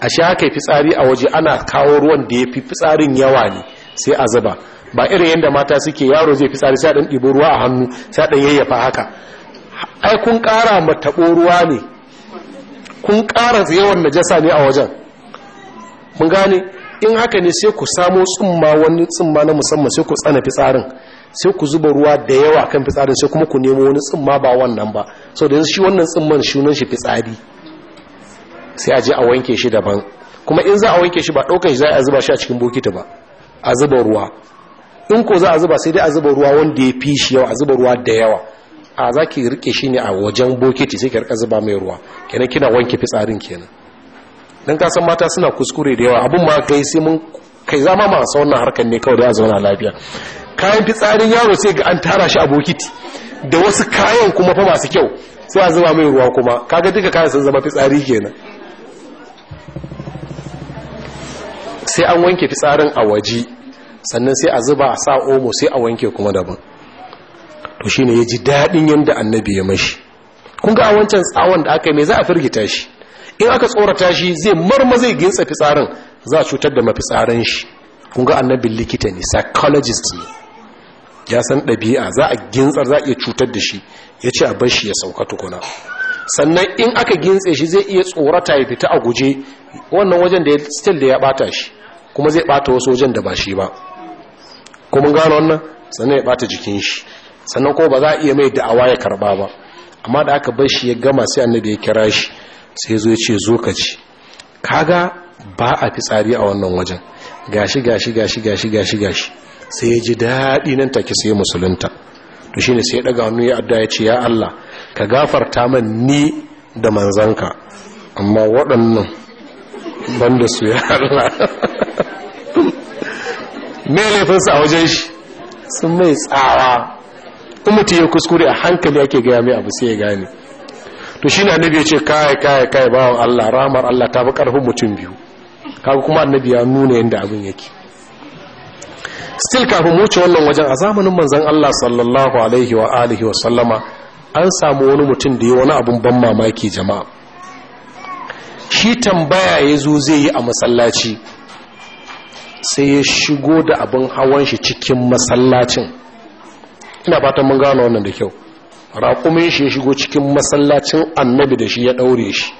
a shi haka fitsari a waje ana kawo ruwan da ya fi fitsarin yawa ne sai a zuba ba irin yadda mata suke yaro zai fitsari sai ɗan ɗibo ruwa a hannu sai ɗan yayyafa haka ai kun ƙara mataɓo ruwa ne kun ƙara yawan najasa ne a wajen mun gane in haka ne sai ku samo tsumma wani tsumma na musamman sai ku tsana fitsarin sai ku zuba ruwa da yawa kan fitsarin sai kuma ku nemo wani tsumma ba wannan ba sau da shi wannan tsumman shunan shi fitsari sai a je a wanke shi daban kuma in za a wanke shi ba ɗaukar shi za a zuba shi a cikin bokiti ba a zuba ruwa in ko za a zuba sai dai a zuba ruwa wanda ya fi shi yawa a zuba ruwa da yawa a za ki rike shi ne a wajen bokiti sai ki riƙa zuba mai ruwa kenan kina wanke fitsarin kenan dan kasan mata suna kuskure da yawa abun ma kai sai mun kai zama masu wannan harkar ne kawai da a zauna lafiya kayan fitsarin yaro sai ga an tara shi a bokiti da wasu kayan kuma fa masu kyau sai a zuba mai ruwa kuma kaga duka kayan sun zama fitsari kenan sai an wanke fitsarin a waje sannan sai a zuba a sa omo sai a wanke kuma daban to shine ya ji daɗin yadda annabi ya mashi kun ga a wancan tsawon da aka yi mai za a firgita shi in aka tsorata shi zai marma zai gintsa fitsarin za a cutar da mafitsarin shi kun ga annabin likita ne psychologist ne ya san ɗabi'a za a gintsar za a iya cutar da shi ya ce a bashi ya sauka tukuna sannan in aka gintse shi zai iya tsorata ya fita a guje wannan wajen da ya stil da ya bata shi kuma zai bata wasu wajen da ba shi ba kuma gano wannan sannan ya bata jikin shi sannan ko ba za a iya mai da'awa ya karba ba amma da aka bar shi ya gama sai annabi ya kira shi sai zo ya ce zo ka ci kaga ba a fitsari a wannan wajen gashi gashi gashi gashi gashi gashi sai ya ji daɗi nan take sai musulunta to shi sai ya ɗaga wani ya adda ya ce ya Allah ka gafarta man ni da manzanka amma waɗannan ban da su ya Allah me laifinsu a wajen shi sun mai tsara in mutum ya kuskure a hankali ake gaya mai abu sai ya gane to shi na annabi ya ce kai kai kai bawan Allah ramar Allah ta fi ƙarfin mutum biyu kaga kuma annabi ya nuna yadda abin yake still kafin wuce wannan wajen a zamanin manzon Allah sallallahu alaihi wa alihi wa sallama an samu wani mutum da ya wani abin ban mamaki jama'a shi tambaya ya zo zai yi a masallaci sai ya shigo da abin hawan shi cikin masallacin ina fatan mun gano wannan da kyau raƙumin shi ya shigo cikin masallacin annabi da shi ya ɗaure shi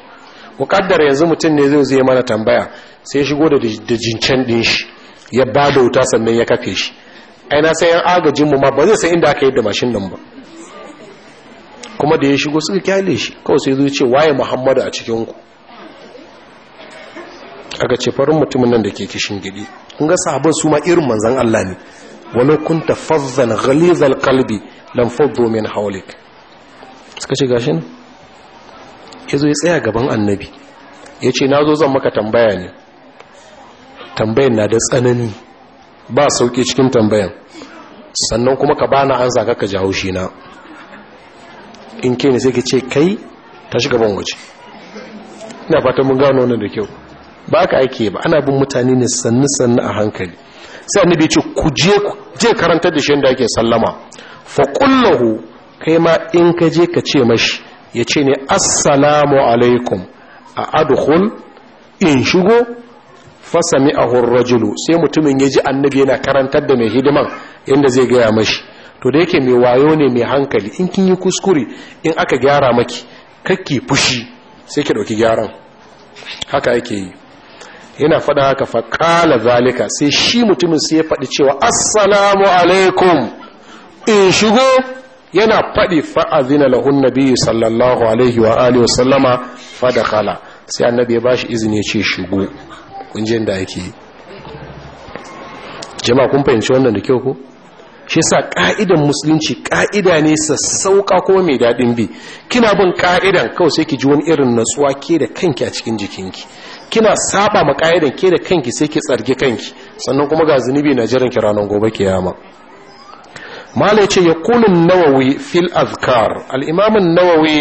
ku yanzu mutum ne zai zai mana tambaya sai ya shigo da jincen ɗin shi ya ba da wuta sannan ya kafe shi aina sai yan mu ma ba zai san inda aka yi da mashin nan ba kuma da ya shigo suka kyale shi kawai sai zai ce waye muhammadu a cikinku aka ce farin mutumin nan da ke kishin gidi in ga sabon su ma irin manzan Allah ne Wani kun fazzan ghalizal qalbi lam faddu min hawlik suka ce gashin yazo ya tsaya gaban annabi yace zo zan maka tambaya ne tambayan na da tsanani ba sauki cikin tambayan sannan kuma ka bana an zaka ka jawo shi na in ke ne sai ka ce kai ta shiga ban waje ina fata mun gano wannan da kyau ba ka aike ba ana bin mutane ne sannu sannu a hankali sai annabi ce ku je karantar da shi da ake sallama fa kai ma in ka je ka ce mashi ya ce ne assalamu alaikum a adkhul in shigo fasami a rajulu sai mutumin ya ji annabi yana karantar da mai hidiman inda zai gaya mashi to da yake mai wayo ne mai hankali in kin yi kuskure in aka gyara maki kakki fushi sai ki ɗauki gyaran haka ake yi yana faɗa haka faƙala zalika sai shi mutumin sai ya faɗi cewa assalamu alaikum in shigo yana faɗi fa'azina lahun nabi sallallahu alaihi wa alihi wasallama kala sai annabi ya bashi izini ya ce shigo kunjin da ake yi jama'a kun fahimci wannan da kyau ko shi sa ka'idan musulunci ka'ida ne sassauka ko mai daɗin bi kina bin ka'idan kawai sai ki ji wani irin natsuwa ke da kanki a cikin jikinki kina saba ma ka'idan ke da kanki sai ki tsargi kanki sannan kuma ga zunubi na jiran ki ranar gobe kiyama malai ce ya kulun nawawi fil azkar al'imamin nawawi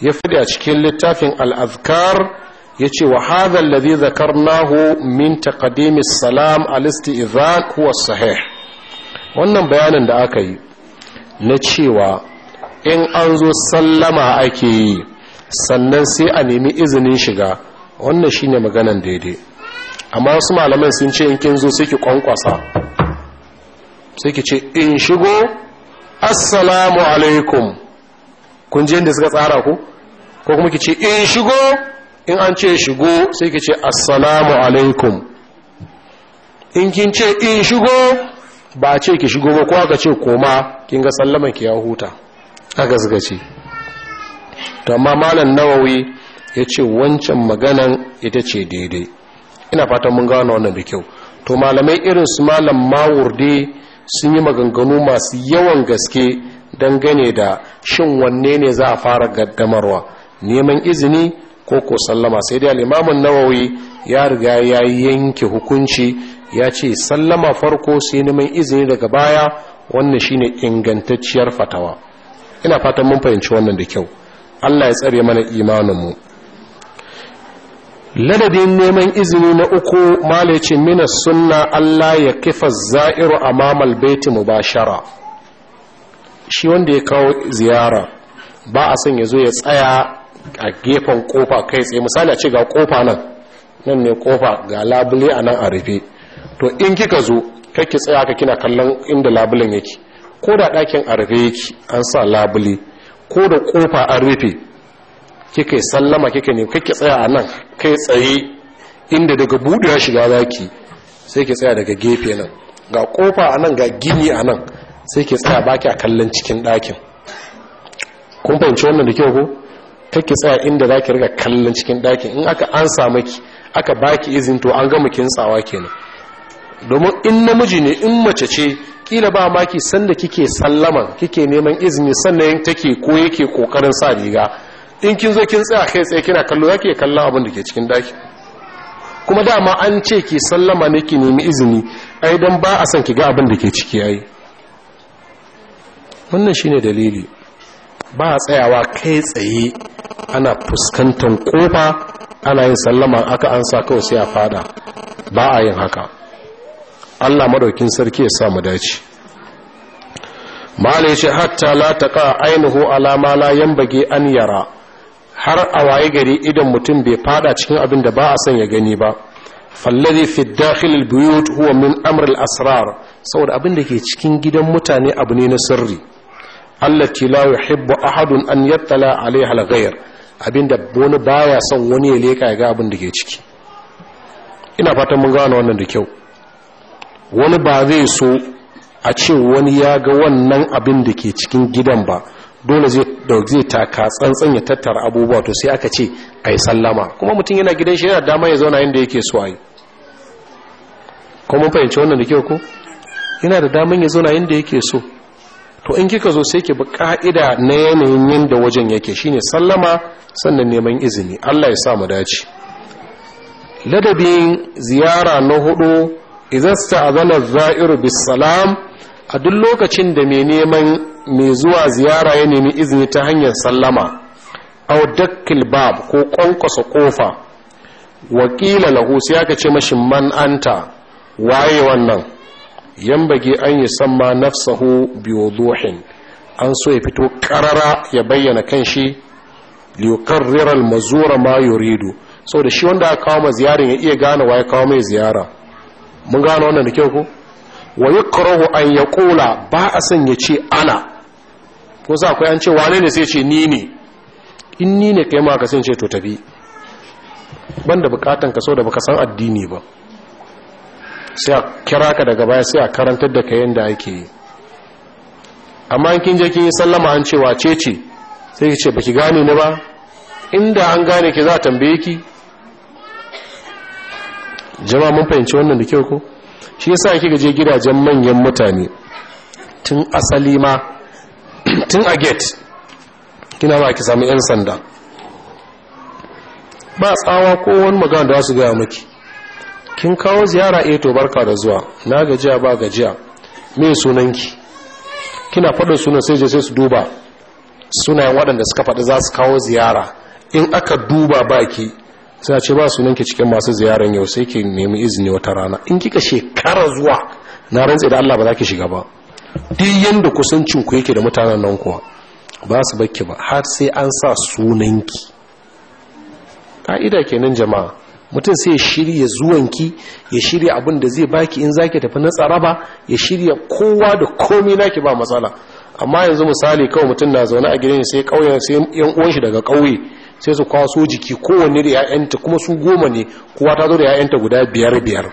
ya fadi a cikin littafin al'azkar ya ce wa da zakar nahu min taqdim salam listi istizan wa sahih wannan bayanin da aka yi na cewa in an zo sallama ake yi sannan sai a nemi izinin shiga wannan shine maganan daidai amma wasu malaman sun ce in kin zo sai ki kwankwasa sai ki ce in shigo assalamu alaikum kun je inda suka tsara ku ko kuma ki ce in shigo in an ce shigo sai ki ce assalamu alaikum in kin ce in eh, shigo ba ce ki shigo ba ko aka ce koma kin ga sallama ki ya huta aka zuga ce to amma malam nawawi ya ce wancan maganan ita ce daidai ina fatan mun gano wannan da kyau to malamai irin su malam mawurde sun yi maganganu masu yawan gaske dangane da shin wanne ne za a fara gaddamarwa neman izini ko ko sallama sai dai al'imamun nawawi ya riga ya yanke hukunci ya ce sallama farko sai neman izini daga baya wannan shine ingantacciyar fatawa ina fatan mun fahimci wannan da kyau Allah ya tsare mana imaninmu ladadin neman izini na uku mala mina sunna Allah ya kifa za'iru amamal baiti mubashara shi wanda ya kawo ziyara ba a son ya zo ya tsaya a gefen kofa kai tsaye misali a ce ga kofa nan nan ne kofa ga labule a nan a rufe to in kika zo kake tsaya ka kina kallon inda labulen yake ko da ɗakin a rufe yake an sa labule ko da kofa an rufe kika sallama kika ne kake tsaya a nan kai tsaye inda daga buɗewa shiga zaki sai ki tsaya daga gefe nan ga kofa a nan ga gini a nan sai ki tsaya baki a kallon cikin ɗakin kun fahimci wannan da kyau ko take tsaya inda zaki ki riga kallon cikin ɗakin in aka an samu ki aka baki izini to an ga gama kintsawa kenan domin in namiji ne in mace ce kila ba maki sanda kike sallama kike neman izini sannan take ko yake kokarin sa riga in kin zo kin tsaya kai tsaye kina kallo zaki kallon abin da ke cikin ɗakin kuma dama an ce ki sallama ne ki nemi izini ai dan ba a son ki ga abin da ke ciki yayi wannan shine dalili ba tsayawa kai tsaye ana fuskantar kofa ana yin sallama aka an sa kawai sai a fada ba a yin haka allah maɗaukin sarki ya samu dace mali ya ce hatta la taqa ainihu alama la yambage an yara har a waye gari idan mutum bai fada cikin abin da ba a son ya gani ba fallazi fi dakhil buyut huwa min amr al asrar saboda abin da ke cikin gidan mutane abu ne na sirri allati la yuhibbu ahadun an yattala alaiha alghayr abinda wani baya son wani ya leka ya ga abin da ke ciki ina fatan mun gane wannan da kyau wani ba zai so a ce wani ya ga wannan abin da ke cikin gidan ba dole zai zai taka tsantsan ya tattara abubuwa to sai aka ce ai sallama kuma mutum yana gidan shi yana dama ya zauna inda yake so ai kuma fahimci wannan da kyau ko yana da daman ya zauna inda yake so to in kika zo sai ki bi ka'ida na yanayin yanda wajen yake shine sallama sannan neman izini Allah ya sa mu dace ladabin ziyara na hudu idan azana za'iru bis salam a duk lokacin da mai neman mai zuwa ziyara ya nemi izini ta hanyar sallama aw dakkil bab ko kwankwasa kofa wakila lahu sai aka ce mashi man anta waye wannan yambage an yi samma nafsahu biwuduhin an so ya fito karara ya bayyana kanshi liyukarrir almazura ma yuridu saboda shi wanda aka kawo ma ziyarin ya iya gane wa ya kawo mai ziyara mun gane wannan da kyau ko wa yukrahu an yaqula ba a san ya ce ana ko sa akwai an ce wane ne sai ce ni ne in ni ne kai ma ka san ce to tafi banda bukatan ka so da baka san addini ba sai a kira ka daga baya sai a karantar da ka yadda ake yi amma in kin je kin sallama an ce wace ce sai ki ce baki gane ni ba inda an gane ki za a tambaye ki jama mun fahimci wannan da kyau ko shi yasa kika je gidajen manyan mutane tun asali ma tun a gate kina ba ki samu yan sanda ba tsawa ko wani magana da za su gaya maki kin kawo ziyara eh to barka da zuwa na gajiya ba gajiya me sunanki kina faɗin sunan sai je sai su duba sunayen waɗanda suka faɗi za su kawo ziyara in aka duba baki sai ce ba sunanki cikin masu ziyaran yau sai ki nemi izini wata rana in kika shekara zuwa na rantse da Allah ba za ki shiga ba duk yanda kusancin ku yake da mutanen nan kuwa ba su bakki ba har sai an sa sunanki ka'ida kenan jama'a mutum sai ya shirya zuwanki ya shirya abin da zai baki in zaki tafi na tsaraba ya shirya kowa da komi naki ba matsala amma yanzu misali kawai mutum na zaune a gidan sai kauyen sai yan uwan shi daga kauye sai su kwaso jiki kowanne da 'ya'yanta kuma su goma ne kowa ta zo da 'ya'yanta guda biyar biyar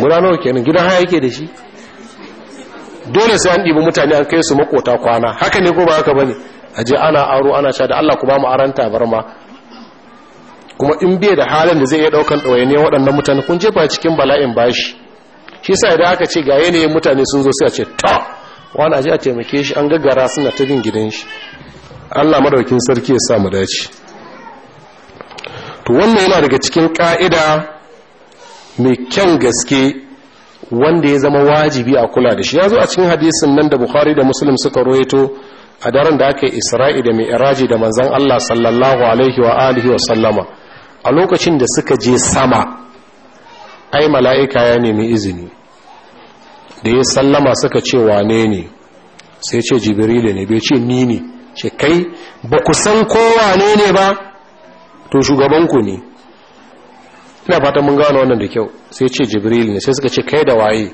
guda nawa kenan gidan haya yake da shi dole sai an ɗibi mutane an kai su makota kwana haka ne ko ba haka bane aje ana aro ana sha da Allah ku ba mu bar tabarma kuma in biya da halin da zai iya daukan ɗawaine waɗannan mutane kun jefa cikin bala'in bashi shi sa idan aka ce ga yanayin mutane sun zo sai a ce ta wani aji a taimake shi an gaggara suna ta bin gidan shi allah madaukin sarki ya sa mu dace to wannan yana daga cikin ka'ida mai kyan gaske wanda ya zama wajibi a kula da shi ya zo a cikin hadisin nan da bukhari da muslim suka rohoto a daren da aka yi isra'i da mai iraji da manzon allah sallallahu alaihi wa alihi wa sallama a lokacin da suka je sama ai mala'ika ya nemi izini da ya sallama suka ce wane ne sai ce jibirile ne bai ce ni ne ce kai ba ku san kowa ne ne ba to shugabanku ne ina fatan mun gano wannan da kyau sai ce jibirile ne sai suka ce kai da waye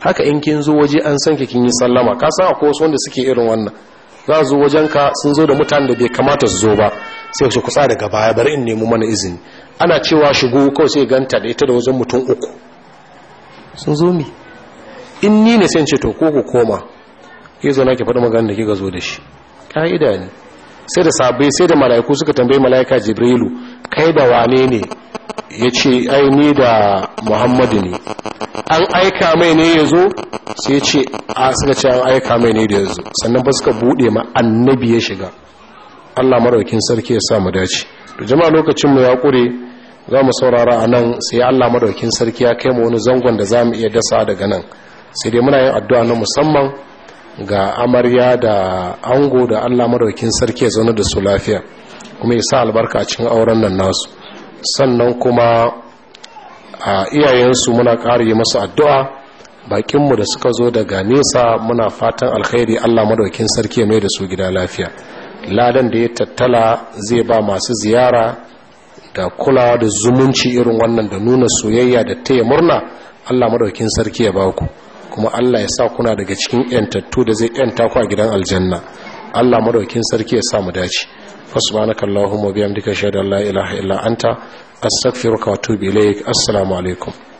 haka in kin zo waje an san kin yi sallama ka san akwai wasu wanda suke irin wannan za zo wajenka sun zo da mutanen da bai kamata su zo ba sai su kutsa daga baya bari in nemo mana izini ana cewa shigo kawai sai ganta da ita da wajen mutum uku sun zo mi in ni ne sai ce to ko ku koma ke zo na ki faɗi magana da kika zo da shi ka'ida ne sai da sabai sai da mala'iku suka tambayi mala'ika jibrilu kai da wane ne ya ce ai ni da muhammadu ne an aika mai ne ya zo sai ce a suka ce an aika mai ne da ya zo sannan ba suka buɗe ma annabi ya shiga Allah maraukin sarki ya sa mu dace to jama'a lokacin mu ya kure za mu saurara a nan sai Allah maraukin sarki ya kai mu wani zangon da za mu iya dasa daga nan sai dai muna yin addu'a na musamman ga amarya da ango da Allah maraukin sarki ya zauna da su lafiya kuma ya sa albarka a cikin auren nan nasu sannan kuma a iyayensu muna ƙara yi masu addu'a bakinmu da suka zo daga nesa muna fatan alkhairi Allah madaukin sarki ya mai da su gida lafiya ladan da ya tattala zai ba masu ziyara da kula da zumunci irin wannan da nuna soyayya da taya murna Allah madaukin sarki ya baku kuma Allah ya sa kuna daga cikin yantattu da zai yanta ku a gidan aljanna Allah madaukin sarki ya sa mu dace fa subhanakallahumma bihamdika shada la ilaha illa anta astaghfiruka wa atubu ilaik assalamu alaikum